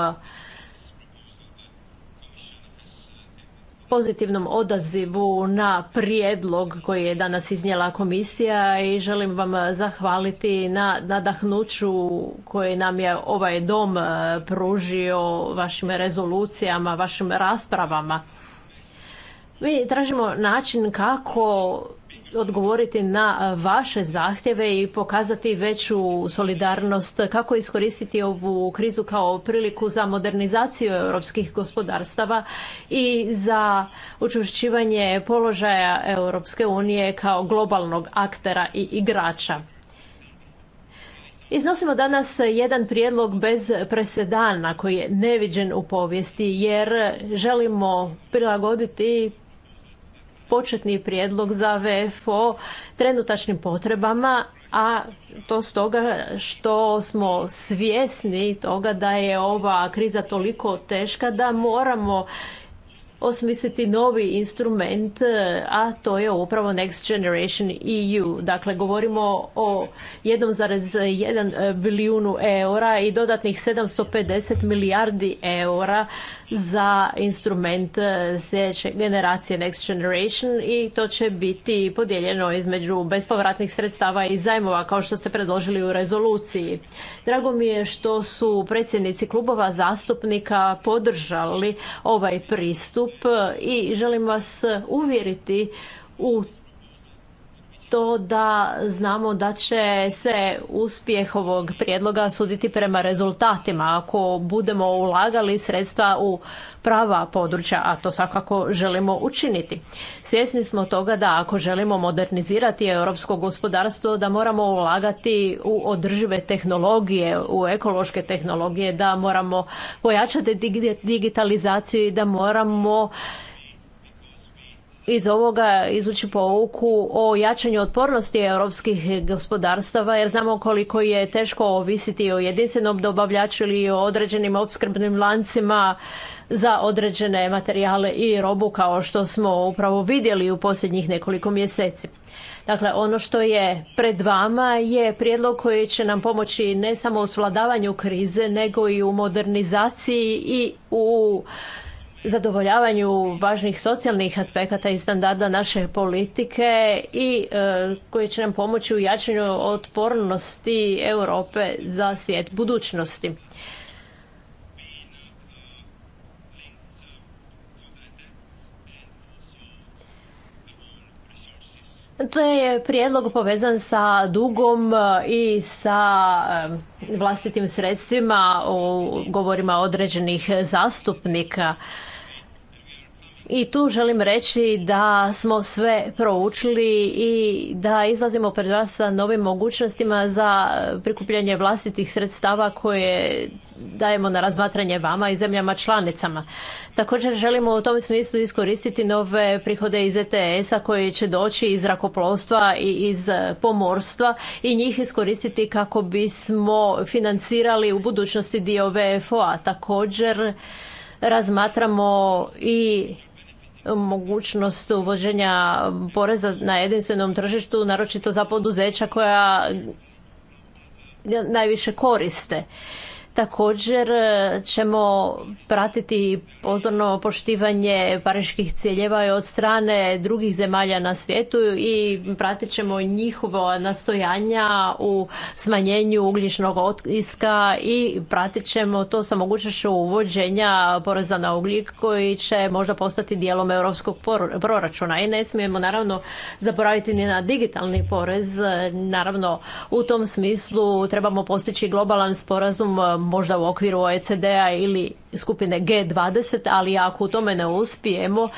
Speaker 2: pozitivnom odazivu na prijedlog koji je danas iznijela komisija i želim vam zahvaliti na nadahnuću koje nam je ovaj dom e, pružio vašim rezolucijama, vašim raspravama. Mi tražimo način kako odgovoriti na e, vaše zahtjeve i pokazati veću solidarnost, kako iskoristiti ovu krizu kao priliku za modernizaciju europskih gospodarstava i za učvršćivanje položaja Europske unije kao globalnog aktera i igrača. Iznosimo danas jedan prijedlog bez presedana koji je neviđen u povijesti jer želimo prilagoditi početni prijedlog za VFO trenutačnim potrebama, a to stoga što smo svjesni toga da je ova kriza toliko teška da moramo osmisliti novi instrument, e, a to je upravo Next Generation EU. Dakle, govorimo o 1,1 e, bilijunu eura i dodatnih 750 milijardi eura za instrument e, sljedeće generacije Next Generation i to će biti podijeljeno između bespovratnih sredstava i zajmova kao što ste predložili u rezoluciji. Drago mi je što su predsjednici klubova zastupnika podržali ovaj pristup i želim vas uvjeriti u to da znamo da će se uspjeh ovog prijedloga suditi prema rezultatima. Ako budemo ulagali sredstva u prava područja, a to svakako želimo učiniti. Svjesni smo toga da ako želimo modernizirati europsko gospodarstvo, da moramo ulagati u održive tehnologije, u ekološke tehnologije, da moramo pojačati digitalizaciju i da moramo iz ovoga izući pouku o jačanju otpornosti europskih gospodarstava jer znamo koliko je teško ovisiti o jedinstvenom dobavljaču ili o određenim opskrbnim lancima za određene materijale i robu kao što smo upravo vidjeli u posljednjih nekoliko mjeseci. Dakle, ono što je pred vama je prijedlog koji će nam pomoći ne samo u svladavanju krize, nego i u modernizaciji i u zadovoljavanju važnih socijalnih aspekata i standarda naše politike i e, koji će nam pomoći u jačanju otpornosti Europe za svijet budućnosti. To je prijedlog povezan sa dugom i sa e, vlastitim sredstvima u govorima određenih zastupnika. I tu želim reći da smo sve proučili i da izlazimo pred vas sa novim mogućnostima za prikupljanje vlastitih sredstava koje dajemo na razmatranje vama i zemljama članicama. Također želimo u tom smislu iskoristiti nove prihode iz ETS-a koji će doći iz zrakoplovstva i iz pomorstva i njih iskoristiti kako bismo financirali u budućnosti dio VFO-a. Također razmatramo i mogućnost uvođenja poreza na jedinstvenom tržištu, naročito za poduzeća koja najviše koriste. Također e, ćemo pratiti pozorno poštivanje pariških ciljeva i od strane drugih zemalja na svijetu i pratit ćemo njihovo nastojanja u smanjenju ugljičnog otiska i pratit ćemo to sa mogućnošću uvođenja poreza na ugljik koji će možda postati dijelom europskog proračuna. I ne smijemo naravno zaboraviti ni na digitalni porez. Naravno u tom smislu trebamo postići globalan sporazum možda u okviru OECD-a ili skupine G20, ali ako u tome ne uspijemo,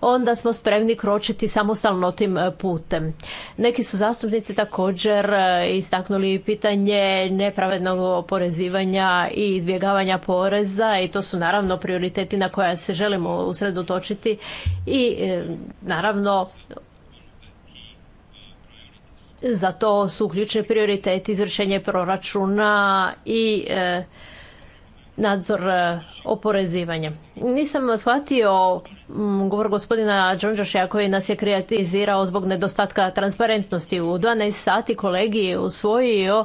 Speaker 2: onda smo spremni kročiti samostalno tim e, putem. Neki su zastupnici također e, istaknuli pitanje nepravednog oporezivanja i izbjegavanja poreza i to su naravno prioriteti na koja se želimo usredotočiti i e, naravno za to su ključni prioriteti izvršenje proračuna i e, nadzor e, oporezivanja. Nisam shvatio govor gospodina Đonđaša koji nas je kreatizirao zbog nedostatka transparentnosti. U 12 sati kolegi je usvojio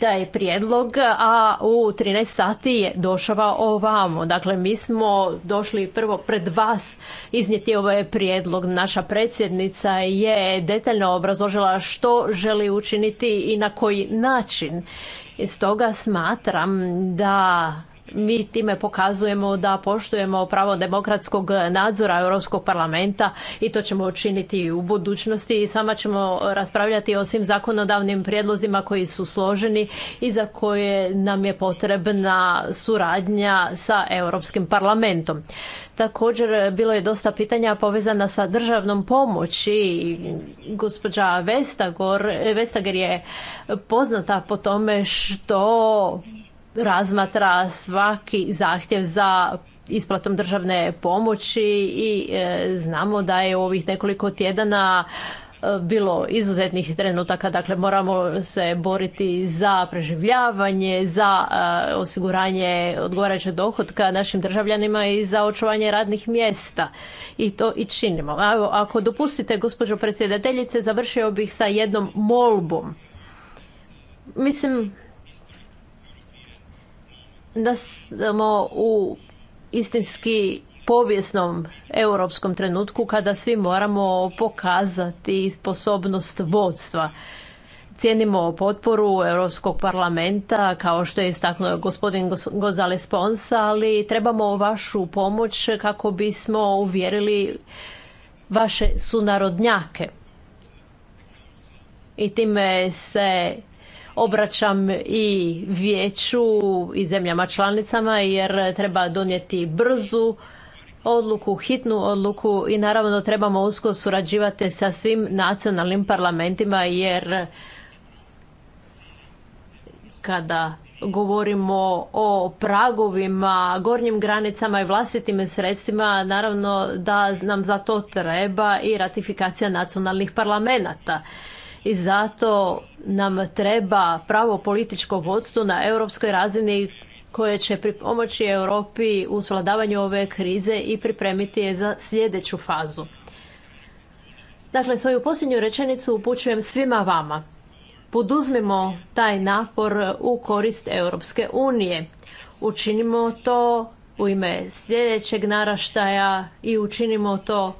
Speaker 2: taj prijedlog, a u 13 sati je došava ovamo. Dakle, mi smo došli prvo pred vas iznijeti ovaj prijedlog. Naša predsjednica je detaljno obrazložila što želi učiniti i na koji način. Stoga smatram da mi time pokazujemo da poštujemo pravo demokratskog nadzora Europskog parlamenta i to ćemo učiniti u budućnosti i sama ćemo raspravljati o svim zakonodavnim prijedlozima koji su složeni i za koje nam je potrebna suradnja sa Europskim parlamentom. Također bilo je dosta pitanja povezana sa državnom pomoći. Gospođa Vestagor, Vestager je poznata po tome što razmatra svaki zahtjev za isplatom državne pomoći i e, znamo da je u ovih nekoliko tjedana e, bilo izuzetnih trenutaka, dakle moramo se boriti za preživljavanje, za e, osiguranje odgovarajućeg dohotka našim državljanima i za očuvanje radnih mjesta. I to i činimo. Ako dopustite, gospođo predsjedateljice, završio bih sa jednom molbom. Mislim da smo u istinski povijesnom europskom trenutku kada svi moramo pokazati sposobnost vodstva. Cijenimo potporu Europskog parlamenta, kao što je istaknuo gospodin Gozales Ponsa, ali trebamo vašu pomoć kako bismo uvjerili vaše sunarodnjake. I time se obraćam i vijeću i zemljama članicama jer treba donijeti brzu odluku, hitnu odluku i naravno trebamo usko surađivati sa svim nacionalnim parlamentima jer kada govorimo o pragovima, gornjim granicama i vlastitim sredstvima, naravno da nam za to treba i ratifikacija nacionalnih parlamenata. I zato nam treba pravo političko vodstvo na europskoj razini koje će pripomoći Europi u svladavanju ove krize i pripremiti je za sljedeću fazu. Dakle, svoju posljednju rečenicu upućujem svima vama. Poduzmimo taj napor u korist Europske unije. Učinimo to u ime sljedećeg naraštaja i učinimo to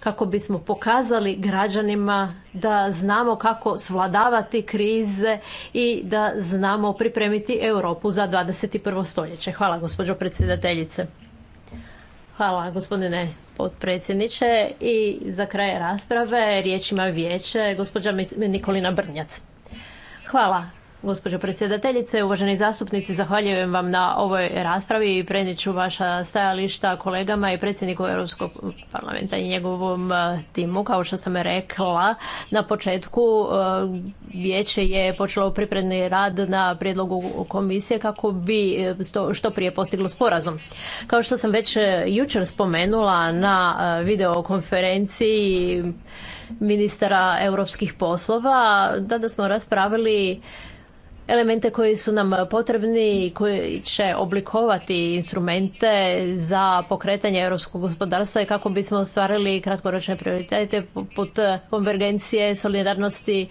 Speaker 2: kako bismo pokazali građanima da znamo kako svladavati krize i da znamo pripremiti Europu za 21. stoljeće. Hvala gospođo predsjedateljice. Hvala gospodine potpredsjedniče i za kraj rasprave riječ ima vijeće gospođa Nikolina Brnjac. Hvala Gospođo predsjedateljice, uvaženi zastupnici, zahvaljujem vam na ovoj raspravi i prenijet ću vaša stajališta kolegama i predsjedniku Europskog parlamenta i njegovom e, timu. Kao što sam rekla na početku, e, vijeće je počelo pripredni rad na prijedlogu komisije kako bi e, što prije postiglo sporazum. Kao što sam već jučer spomenula na videokonferenciji ministara europskih poslova, tada smo raspravili elemente koji su nam potrebni i koji će oblikovati instrumente za pokretanje europskog gospodarstva i kako bismo ostvarili kratkoročne prioritete poput konvergencije, solidarnosti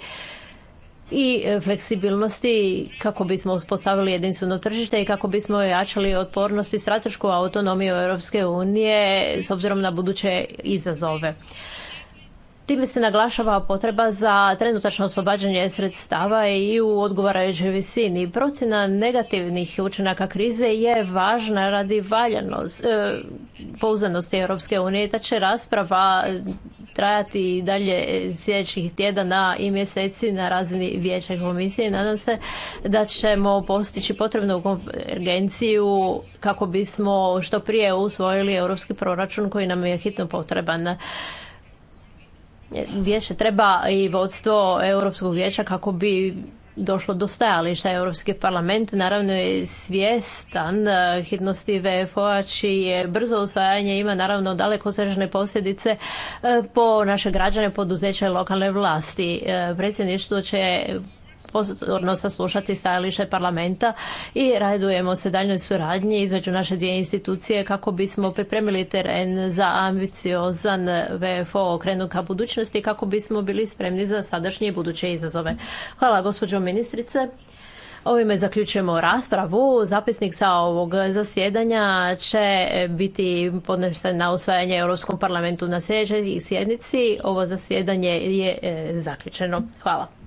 Speaker 2: i fleksibilnosti kako bismo uspostavili jedinstveno tržište i kako bismo jačali otpornost i stratešku autonomiju Europske unije s obzirom na buduće izazove. Time se naglašava potreba za trenutačno oslobađanje sredstava i u odgovarajućoj visini. Procjena negativnih učinaka krize je važna radi valjanosti e, pouzdanosti pouzanosti Europske unije, ta će rasprava e, trajati i dalje sljedećih tjedana i mjeseci na razini vijeća komisije. Nadam se da ćemo postići potrebnu konvergenciju kako bismo što prije usvojili europski proračun koji nam je hitno potreban vijeće treba i vodstvo Europskog vijeća kako bi došlo do stajališta. Europski parlament naravno je svjestan e, hitnosti VFO-a čije brzo usvajanje ima naravno daleko sežne posljedice e, po naše građane, poduzeće lokalne vlasti. E, predsjedništvo će pozorno saslušati stajalište parlamenta i radujemo se daljnoj suradnji između naše dvije institucije kako bismo pripremili teren za ambiciozan VFO okrenu ka budućnosti kako bismo bili spremni za sadašnje i buduće izazove. Hvala gospođo ministrice. Ovime zaključujemo raspravu. Zapisnik sa ovog zasjedanja će biti podnesen na usvajanje Europskom parlamentu na sljedećoj sjednici. Ovo zasjedanje je e, zaključeno. Hvala.